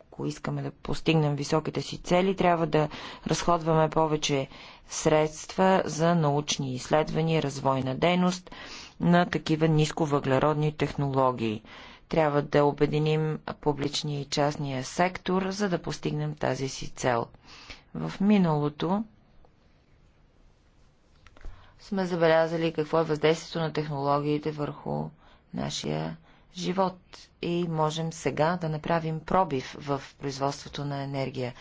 Ако искаме да постигнем високите си цели, трябва да разходваме повече средства за научни изследвания, развойна дейност на такива нисковъглеродни технологии. Трябва да обединим публичния и частния сектор, за да постигнем тази си цел. В миналото сме забелязали какво е въздействието на технологиите върху нашия живот и можем сега да направим пробив в производството на енергия,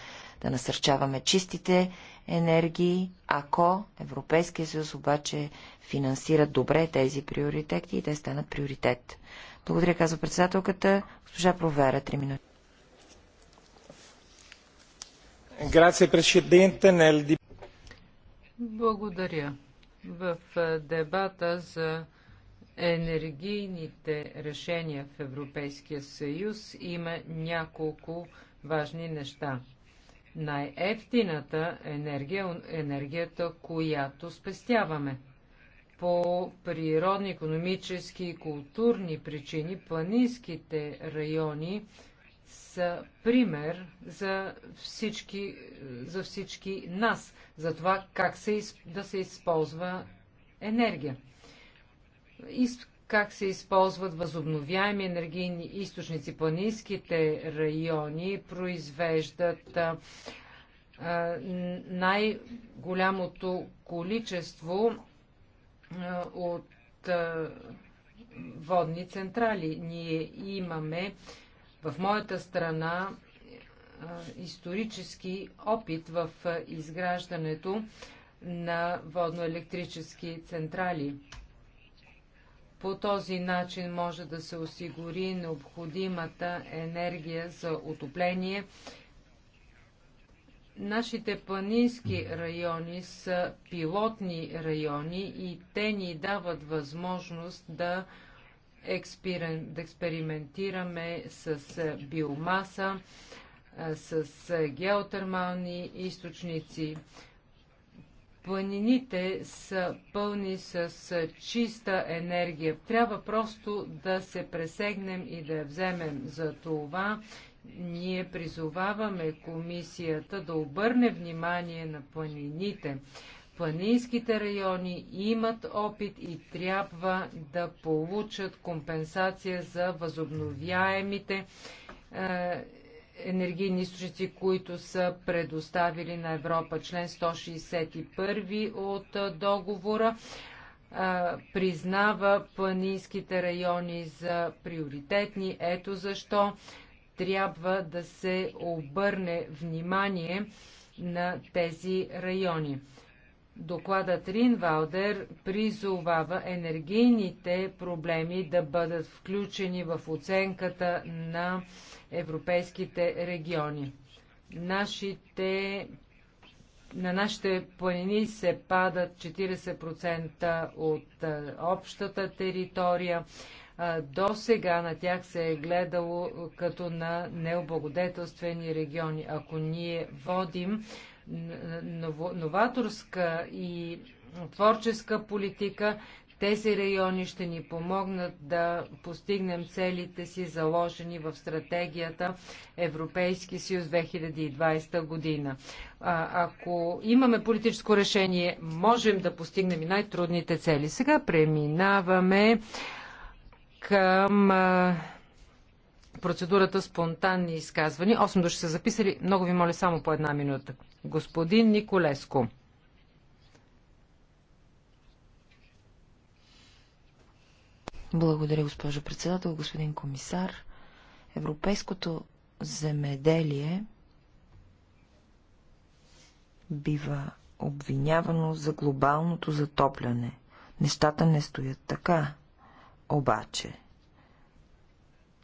да насърчаваме чистите енергии, ако Европейския съюз обаче финансира добре тези приоритети и те станат приоритет. Благодаря, казва председателката. Госпожа Провера, 3 минути. Благодаря. В дебата за енергийните решения в Европейския съюз има няколко важни неща. Най-ефтината енергия е енергията, която спестяваме. По природни, економически и културни причини планинските райони са пример за всички, за всички нас, за това как се, да се използва енергия как се използват възобновяеми енергийни източници. Планинските райони произвеждат най-голямото количество от водни централи. Ние имаме в моята страна исторически опит в изграждането на водноелектрически централи. По този начин може да се осигури необходимата енергия за отопление. Нашите планински райони са пилотни райони и те ни дават възможност да, да експериментираме с биомаса, с геотермални източници. Планините са пълни с чиста енергия. Трябва просто да се пресегнем и да я вземем. За това ние призоваваме комисията да обърне внимание на планините. Планинските райони имат опит и трябва да получат компенсация за възобновяемите е, енергийни източници, които са предоставили на Европа член 161 от договора признава планинските райони за приоритетни. Ето защо трябва да се обърне внимание на тези райони. Докладът Ринвалдер призовава енергийните проблеми да бъдат включени в оценката на европейските региони. Нашите, на нашите планини се падат 40% от общата територия. До сега на тях се е гледало като на необлагодетелствени региони. Ако ние водим новаторска и творческа политика, тези райони ще ни помогнат да постигнем целите си, заложени в стратегията Европейски съюз 2020 година. А, ако имаме политическо решение, можем да постигнем и най-трудните цели. Сега преминаваме към процедурата спонтанни изказвания. Осем души са записали. Много ви моля само по една минута. Господин Николеско. Благодаря, госпожо председател, господин комисар. Европейското земеделие бива обвинявано за глобалното затопляне. Нещата не стоят така. Обаче,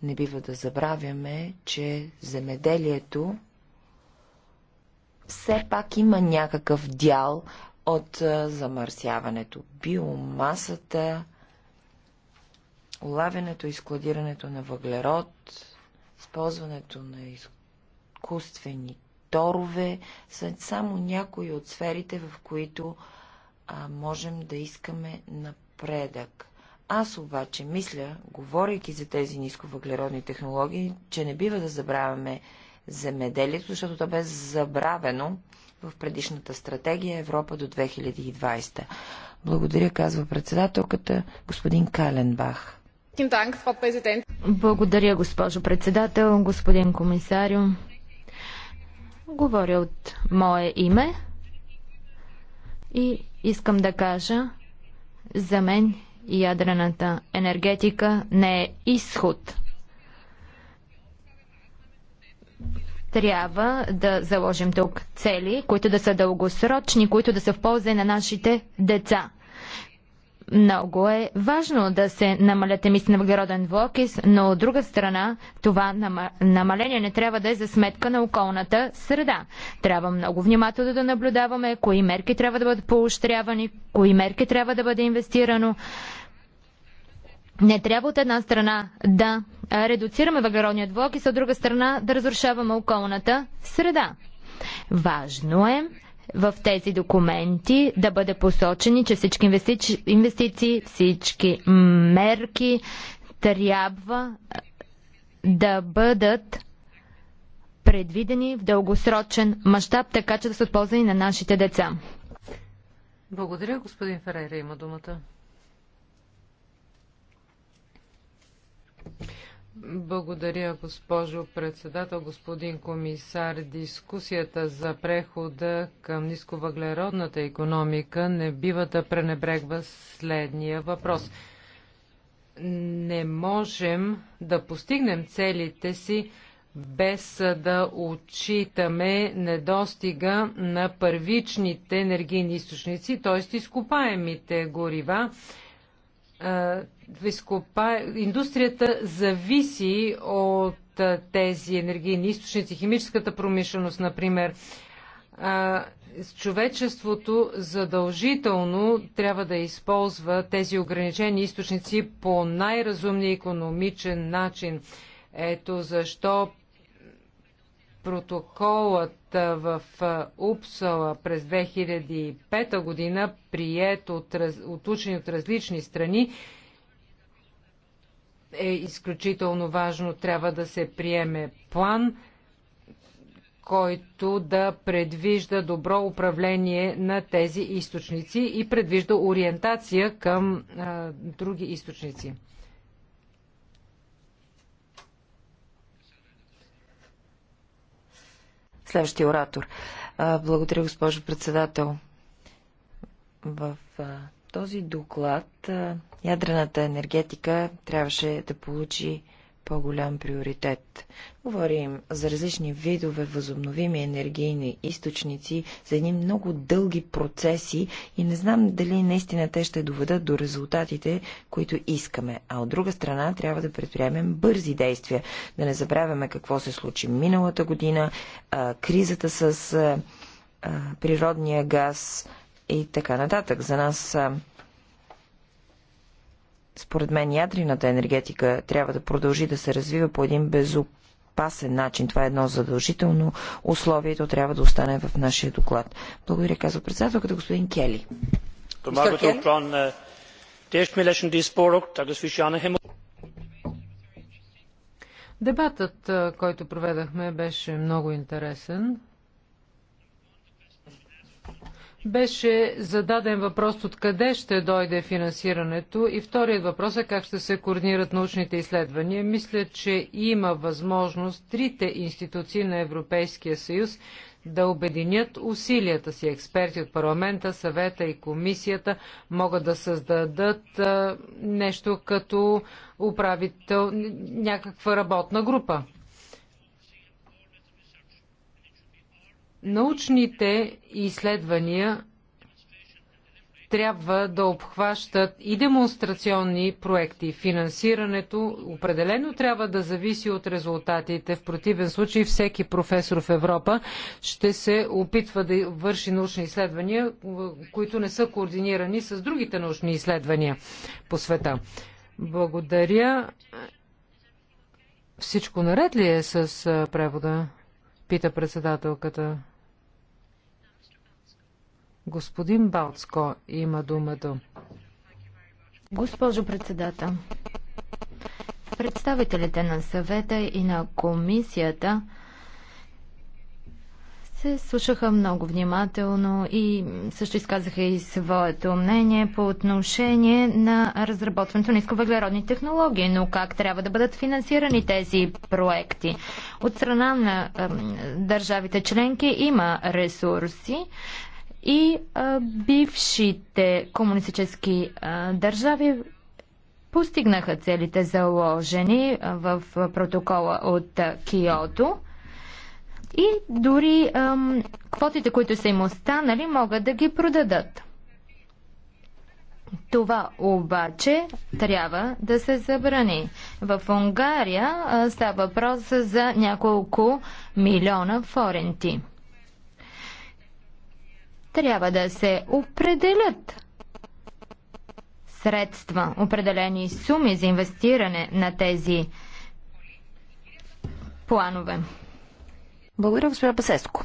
не бива да забравяме, че земеделието все пак има някакъв дял от замърсяването. Биомасата улавянето и складирането на въглерод, използването на изкуствени торове са само някои от сферите, в които а, можем да искаме напредък. Аз обаче мисля, говорейки за тези нисковъглеродни технологии, че не бива да забравяме земеделието, защото то бе забравено в предишната стратегия Европа до 2020. Благодаря, казва председателката господин Каленбах. Благодаря, госпожо председател, господин комисарю. Говоря от мое име и искам да кажа, за мен ядрената енергетика не е изход. Трябва да заложим тук цели, които да са дългосрочни, които да са в полза на нашите деца. Много е важно да се намалят емисии на въглероден двуокис, но от друга страна това намаление не трябва да е за сметка на околната среда. Трябва много внимателно да наблюдаваме кои мерки трябва да бъдат поощрявани, кои мерки трябва да бъде инвестирано. Не трябва от една страна да редуцираме въглеродния двуокис, от друга страна да разрушаваме околната среда. Важно е в тези документи да бъде посочени, че всички инвестици... инвестиции, всички мерки трябва е, да бъдат предвидени в дългосрочен мащаб, така че да са ползвани на нашите деца. Благодаря, господин Ферейра има думата. Благодаря, госпожо председател, господин комисар. Дискусията за прехода към нисковъглеродната економика не бива да пренебрегва следния въпрос. Не можем да постигнем целите си без да отчитаме недостига на първичните енергийни източници, т.е. изкопаемите горива вископа... индустрията зависи от тези енергийни източници, химическата промишленост, например. А, човечеството задължително трябва да използва тези ограничени източници по най-разумния економичен начин. Ето защо протоколът в Упсала през 2005 година, прият от, от учени от различни страни, е изключително важно. Трябва да се приеме план, който да предвижда добро управление на тези източници и предвижда ориентация към а, други източници. Следващия оратор. Благодаря, госпожо председател. В този доклад ядрената енергетика трябваше да получи по-голям приоритет. Говорим за различни видове възобновими енергийни източници, за едни много дълги процеси и не знам дали наистина те ще доведат до резултатите, които искаме. А от друга страна трябва да предприемем бързи действия, да не забравяме какво се случи миналата година, кризата с природния газ, и така нататък. За нас, според мен, ядрената енергетика трябва да продължи да се развива по един безопасен начин. Това е едно задължително условие, то трябва да остане в нашия доклад. Благодаря, казва председателката господин Кели. Дебатът, който проведахме, беше много интересен. Беше зададен въпрос откъде ще дойде финансирането и вторият въпрос е как ще се координират научните изследвания. Мисля, че има възможност трите институции на Европейския съюз да обединят усилията си. Експерти от парламента, съвета и комисията могат да създадат нещо като управител, някаква работна група. Научните изследвания трябва да обхващат и демонстрационни проекти. Финансирането определено трябва да зависи от резултатите. В противен случай всеки професор в Европа ще се опитва да върши научни изследвания, които не са координирани с другите научни изследвания по света. Благодаря. Всичко наред ли е с превода? Пита председателката. Господин Балцко има думата. Госпожо председател, представителите на съвета и на комисията се слушаха много внимателно и също изказаха и своето мнение по отношение на разработването на нисковъглеродни технологии, но как трябва да бъдат финансирани тези проекти. От страна на държавите членки има ресурси, и а, бившите комунистически а, държави постигнаха целите заложени в протокола от Киото. И дори ам, квотите, които са им останали, могат да ги продадат. Това обаче трябва да се забрани. В Унгария а, става въпрос за няколко милиона форенти трябва да се определят средства, определени суми за инвестиране на тези планове. Благодаря, госпожа Пасеско.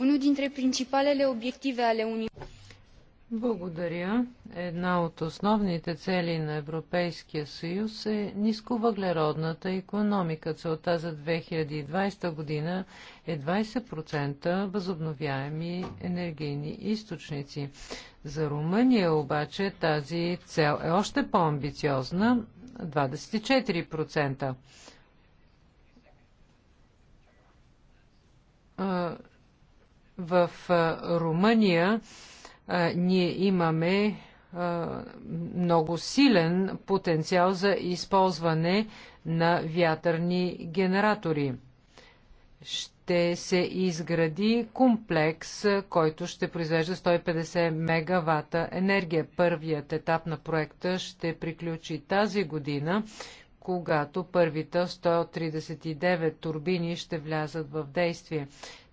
Unul dintre principalele obiective ale Uniunii благодаря. Една от основните цели на Европейския съюз е нисковъглеродната економика. Целта за 2020 година е 20% възобновяеми енергийни източници. За Румъния обаче тази цел е още по-амбициозна 24%. В Румъния ние имаме много силен потенциал за използване на вятърни генератори. Ще се изгради комплекс, който ще произвежда 150 мегавата енергия. Първият етап на проекта ще приключи тази година, когато първите 139 турбини ще влязат в действие.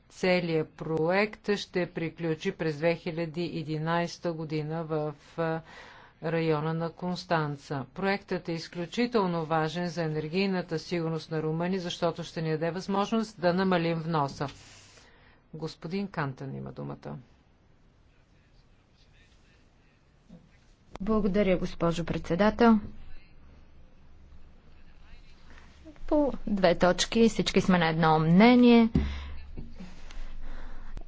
Целият проект ще приключи през 2011 година в района на Констанца. Проектът е изключително важен за енергийната сигурност на Румъни, защото ще ни даде възможност да намалим вноса. Господин Кантън има думата. Благодаря, госпожо председател. По две точки всички сме на едно мнение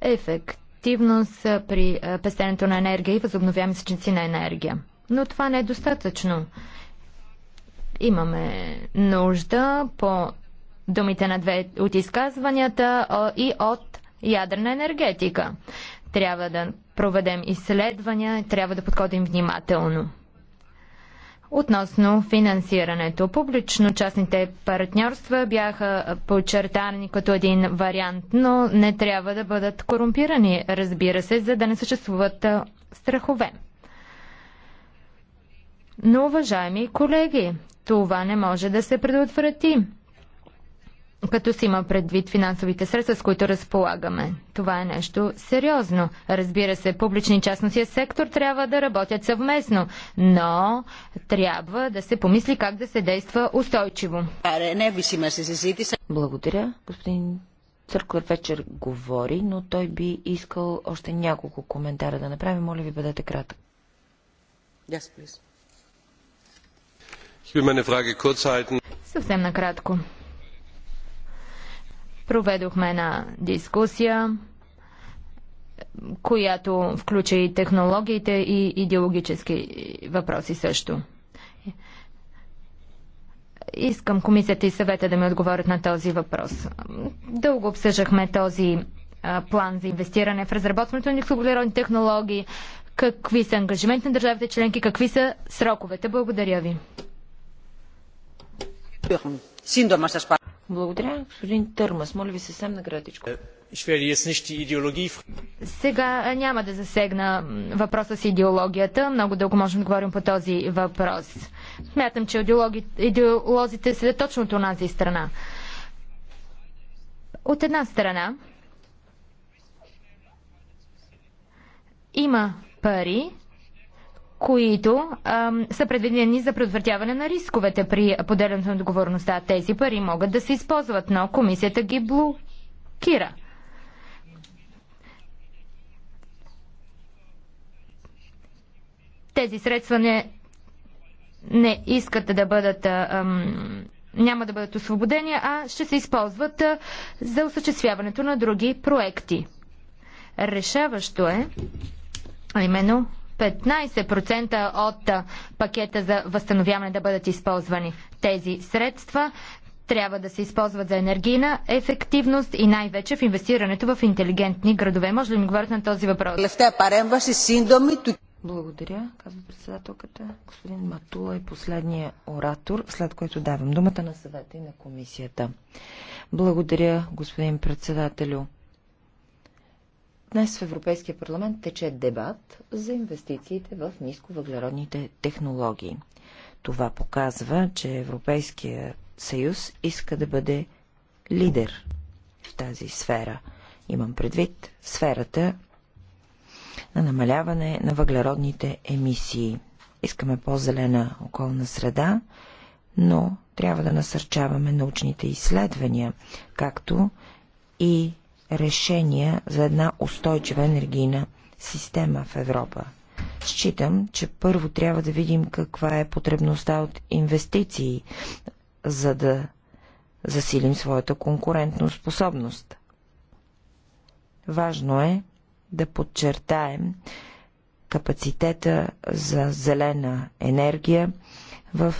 ефективност при пестенето на енергия и възобновяеми източници на енергия. Но това не е достатъчно. Имаме нужда по думите на две от изказванията и от ядрена енергетика. Трябва да проведем изследвания, трябва да подходим внимателно. Относно финансирането, публично-частните партньорства бяха подчертани като един вариант, но не трябва да бъдат корумпирани, разбира се, за да не съществуват страхове. Но, уважаеми колеги, това не може да се предотврати като си има предвид финансовите средства, с които разполагаме. Това е нещо сериозно. Разбира се, публични и частния сектор трябва да работят съвместно, но трябва да се помисли как да се действа устойчиво. Благодаря, господин Църква вечер говори, но той би искал още няколко коментара да направи. Моля ви, бъдете кратък. Yes, please. Съвсем накратко. Проведохме една дискусия, която включи и технологиите и идеологически въпроси също. Искам комисията и съвета да ми отговорят на този въпрос. Дълго обсъждахме този план за инвестиране в разработването на флуорирани технологии, какви са ангажименти на държавите членки, какви са сроковете. Благодаря ви. Благодаря, господин Търмас. Моля ви съвсем наградичко. Е, Сега няма да засегна въпроса с идеологията. Много дълго можем да говорим по този въпрос. Смятам, че идеолозите са точно от онази страна. От една страна има пари, които а, са предвидени за предотвратяване на рисковете при поделянето на отговорността. Тези пари могат да се използват, но комисията ги блокира. Тези средства не, не искат да бъдат. Ам, няма да бъдат освободени, а ще се използват а, за осъществяването на други проекти. Решаващо е, а именно 15% от пакета за възстановяване да бъдат използвани. Тези средства трябва да се използват за енергийна ефективност и най-вече в инвестирането в интелигентни градове. Може ли ми говорите на този въпрос? Благодаря, казва председателката. Господин Матула е последния оратор, след което давам думата на съвета и на комисията. Благодаря, господин председателю. Днес в Европейския парламент тече дебат за инвестициите в нисковъглеродните технологии. Това показва, че Европейския съюз иска да бъде лидер в тази сфера. Имам предвид сферата на намаляване на въглеродните емисии. Искаме по-зелена околна среда, но трябва да насърчаваме научните изследвания, както и решения за една устойчива енергийна система в Европа. Считам, че първо трябва да видим каква е потребността от инвестиции, за да засилим своята конкурентно способност. Важно е да подчертаем капацитета за зелена енергия в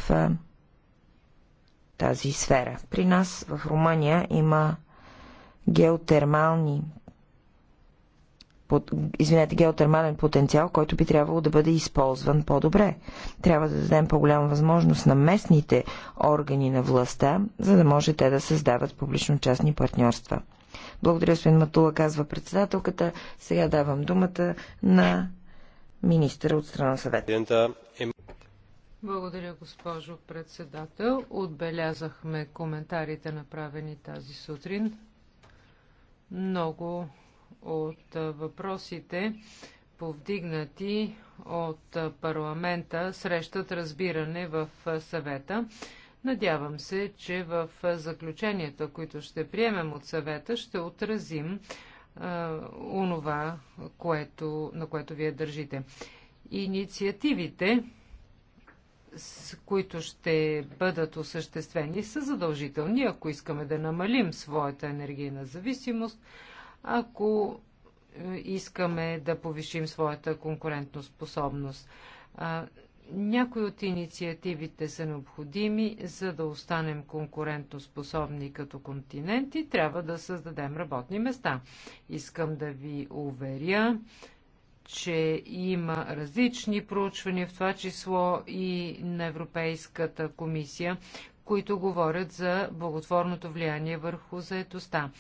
тази сфера. При нас в Румъния има геотермални извинете, геотермален потенциал, който би трябвало да бъде използван по-добре. Трябва да дадем по-голяма възможност на местните органи на властта, за да може те да създават публично-частни партньорства. Благодаря, свен Матула, казва председателката. Сега давам думата на министъра от страна съвет. Благодаря, госпожо председател. Отбелязахме коментарите, направени тази сутрин. Много от въпросите, повдигнати от парламента, срещат разбиране в съвета. Надявам се, че в заключенията, които ще приемем от съвета, ще отразим онова, което, на което вие държите. Инициативите, с които ще бъдат осъществени, са задължителни, ако искаме да намалим своята енергийна зависимост, ако е, искаме да повишим своята конкурентоспособност. Някои от инициативите са необходими, за да останем конкурентоспособни като континент и трябва да създадем работни места. Искам да ви уверя, че има различни проучвания, в това число и на Европейската комисия, които говорят за благотворното влияние върху заетостта.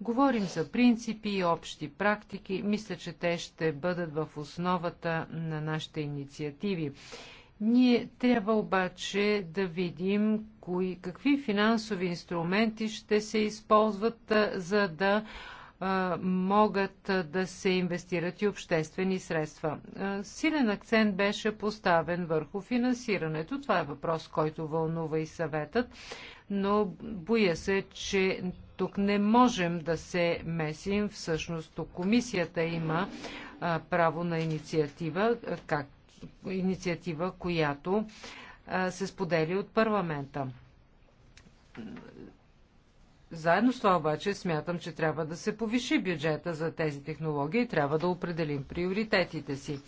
Говорим за принципи и общи практики. Мисля, че те ще бъдат в основата на нашите инициативи. Ние трябва обаче да видим кои, какви финансови инструменти ще се използват, за да могат да се инвестират и обществени средства. Силен акцент беше поставен върху финансирането. Това е въпрос, който вълнува и съветът, но боя се, че тук не можем да се месим. Всъщност тук комисията има право на инициатива, как, инициатива, която се сподели от парламента заедно с това обаче смятам, че трябва да се повиши бюджета за тези технологии и трябва да определим приоритетите си.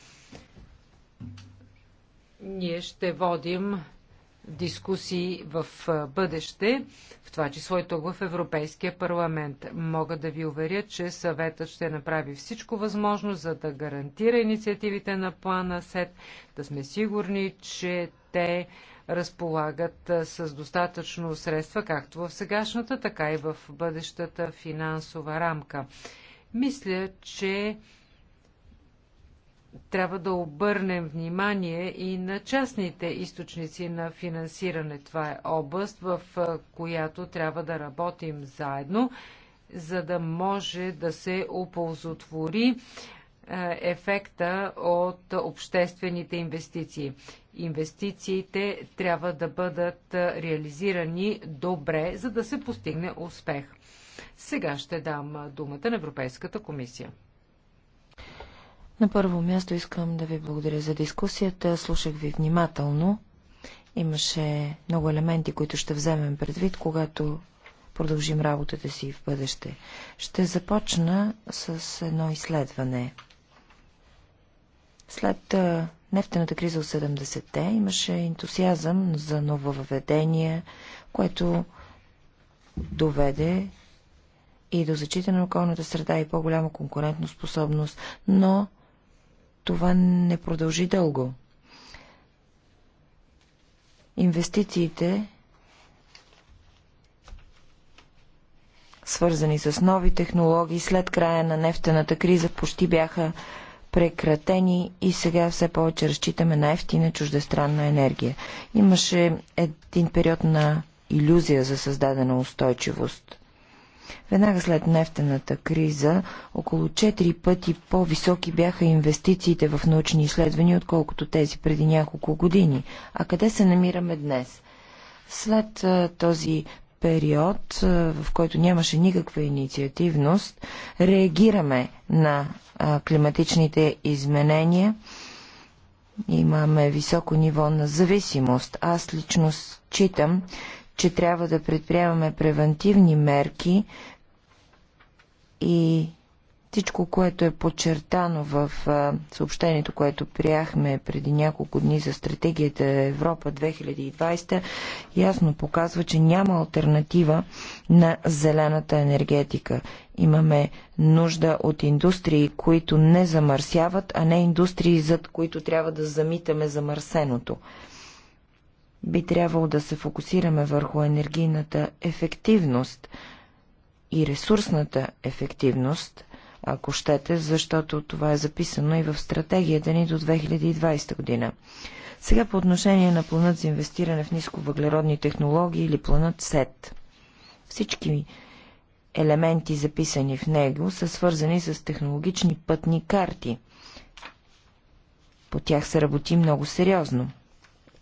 Ние ще водим дискусии в бъдеще, в това число и тук в Европейския парламент. Мога да ви уверя, че съветът ще направи всичко възможно, за да гарантира инициативите на плана СЕД, да сме сигурни, че те разполагат с достатъчно средства, както в сегашната, така и в бъдещата финансова рамка. Мисля, че трябва да обърнем внимание и на частните източници на финансиране. Това е област, в която трябва да работим заедно, за да може да се оползотвори ефекта от обществените инвестиции. Инвестициите трябва да бъдат реализирани добре, за да се постигне успех. Сега ще дам думата на Европейската комисия. На първо място искам да ви благодаря за дискусията. Слушах ви внимателно. Имаше много елементи, които ще вземем предвид, когато продължим работата си в бъдеще. Ще започна с едно изследване. След нефтената криза от 70-те имаше ентусиазъм за нововведение, което доведе и до зачитане на околната среда и по-голяма способност, но това не продължи дълго. Инвестициите, свързани с нови технологии след края на нефтената криза, почти бяха прекратени и сега все повече разчитаме на ефтина чуждестранна енергия. Имаше един период на иллюзия за създадена устойчивост. Веднага след нефтената криза, около 4 пъти по-високи бяха инвестициите в научни изследвания, отколкото тези преди няколко години. А къде се намираме днес? След този период, в който нямаше никаква инициативност, реагираме на климатичните изменения. Имаме високо ниво на зависимост. Аз лично считам, че трябва да предприемаме превентивни мерки и всичко, което е подчертано в съобщението, което прияхме преди няколко дни за стратегията Европа 2020, ясно показва, че няма альтернатива на зелената енергетика. Имаме нужда от индустрии, които не замърсяват, а не индустрии, зад които трябва да замитаме замърсеното би трябвало да се фокусираме върху енергийната ефективност и ресурсната ефективност, ако щете, защото това е записано и в стратегията ни до 2020 година. Сега по отношение на планът за инвестиране в нисковъглеродни технологии или планът СЕТ. Всички елементи, записани в него, са свързани с технологични пътни карти. По тях се работи много сериозно.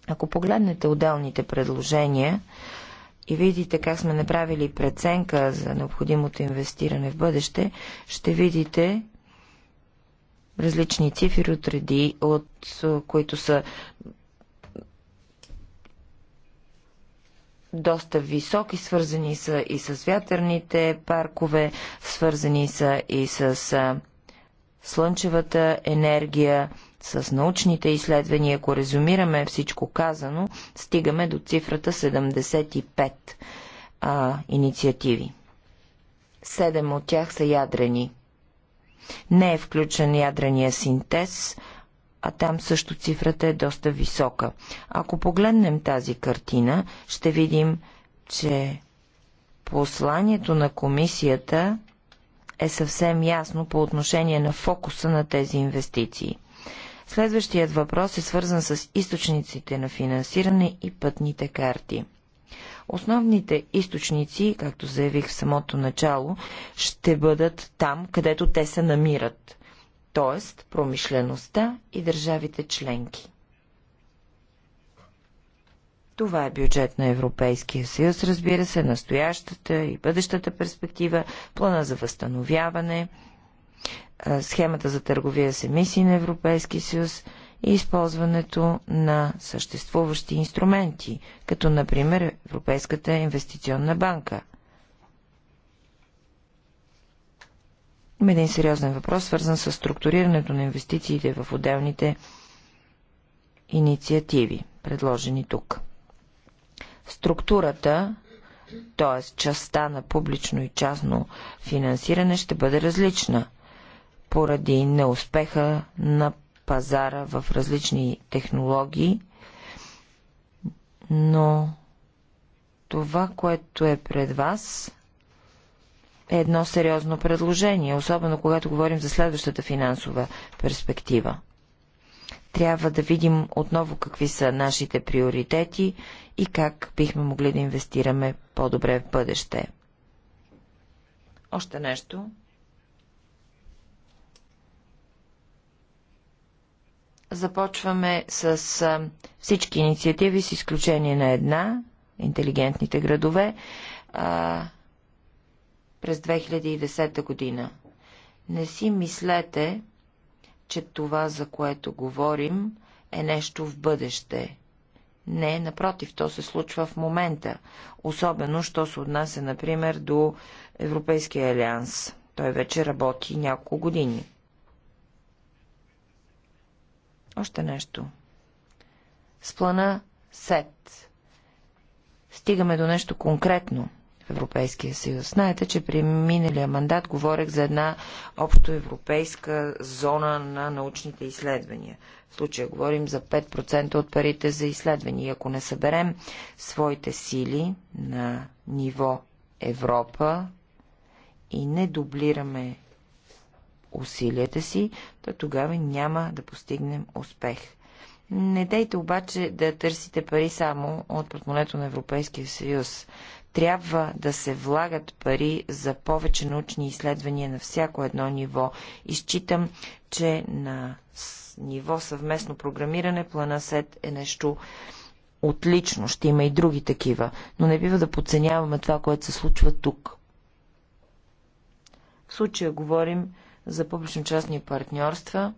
Ако погледнете отделните предложения, и видите как сме направили преценка за необходимото инвестиране в бъдеще, ще видите различни цифри от реди, от които са доста високи, свързани са и с вятърните паркове, свързани са и с слънчевата енергия, с научните изследвания, ако резюмираме всичко казано, стигаме до цифрата 75 а, инициативи. Седем от тях са ядрени. Не е включен ядрения синтез, а там също цифрата е доста висока. Ако погледнем тази картина, ще видим, че посланието на комисията е съвсем ясно по отношение на фокуса на тези инвестиции – Следващият въпрос е свързан с източниците на финансиране и пътните карти. Основните източници, както заявих в самото начало, ще бъдат там, където те се намират, т.е. промишлеността и държавите членки. Това е бюджет на Европейския съюз, разбира се, настоящата и бъдещата перспектива, плана за възстановяване – схемата за търговия с емисии на Европейски съюз и използването на съществуващи инструменти, като например Европейската инвестиционна банка. Има един сериозен въпрос, свързан с структурирането на инвестициите в отделните инициативи, предложени тук. Структурата, т.е. частта на публично и частно финансиране ще бъде различна – поради неуспеха на пазара в различни технологии, но това, което е пред вас, е едно сериозно предложение, особено когато говорим за следващата финансова перспектива. Трябва да видим отново какви са нашите приоритети и как бихме могли да инвестираме по-добре в бъдеще. Още нещо. Започваме с всички инициативи, с изключение на една, интелигентните градове, през 2010 година. Не си мислете, че това, за което говорим, е нещо в бъдеще. Не, напротив, то се случва в момента. Особено, що се отнася, например, до Европейския алианс. Той вече работи няколко години. Още нещо. С плана СЕТ стигаме до нещо конкретно в Европейския съюз. Знаете, че при миналия мандат говорех за една общоевропейска зона на научните изследвания. В случая говорим за 5% от парите за изследвания. И ако не съберем своите сили на ниво Европа и не дублираме усилията си, то тогава няма да постигнем успех. Не дейте обаче да търсите пари само от портмолето на Европейския съюз. Трябва да се влагат пари за повече научни изследвания на всяко едно ниво. Изчитам, че на ниво съвместно програмиране плана СЕД е нещо отлично. Ще има и други такива. Но не бива да подценяваме това, което се случва тук. В случая говорим за публично-частни партньорства,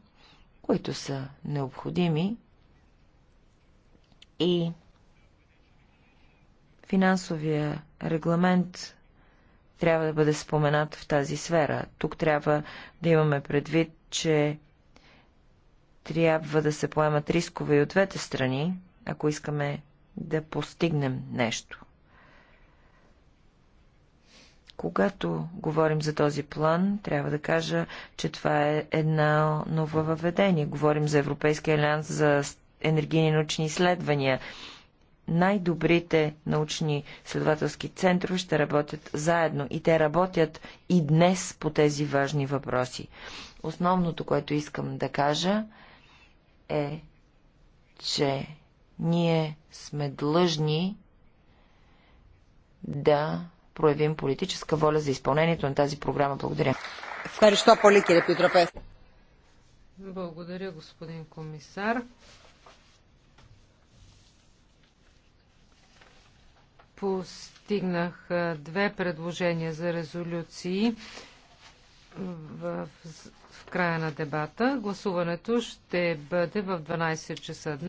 които са необходими и финансовия регламент трябва да бъде споменат в тази сфера. Тук трябва да имаме предвид, че трябва да се поемат рискове и от двете страни, ако искаме да постигнем нещо. Когато говорим за този план, трябва да кажа, че това е едно въведение. Говорим за Европейския алианс за енергийни научни изследвания. Най-добрите научни следователски центрове ще работят заедно и те работят и днес по тези важни въпроси. Основното, което искам да кажа е, че ние сме длъжни да проявим политическа воля за изпълнението на тази програма. Благодаря. Благодаря, господин комисар. Постигнах две предложения за резолюции в, в края на дебата. Гласуването ще бъде в 12 часа.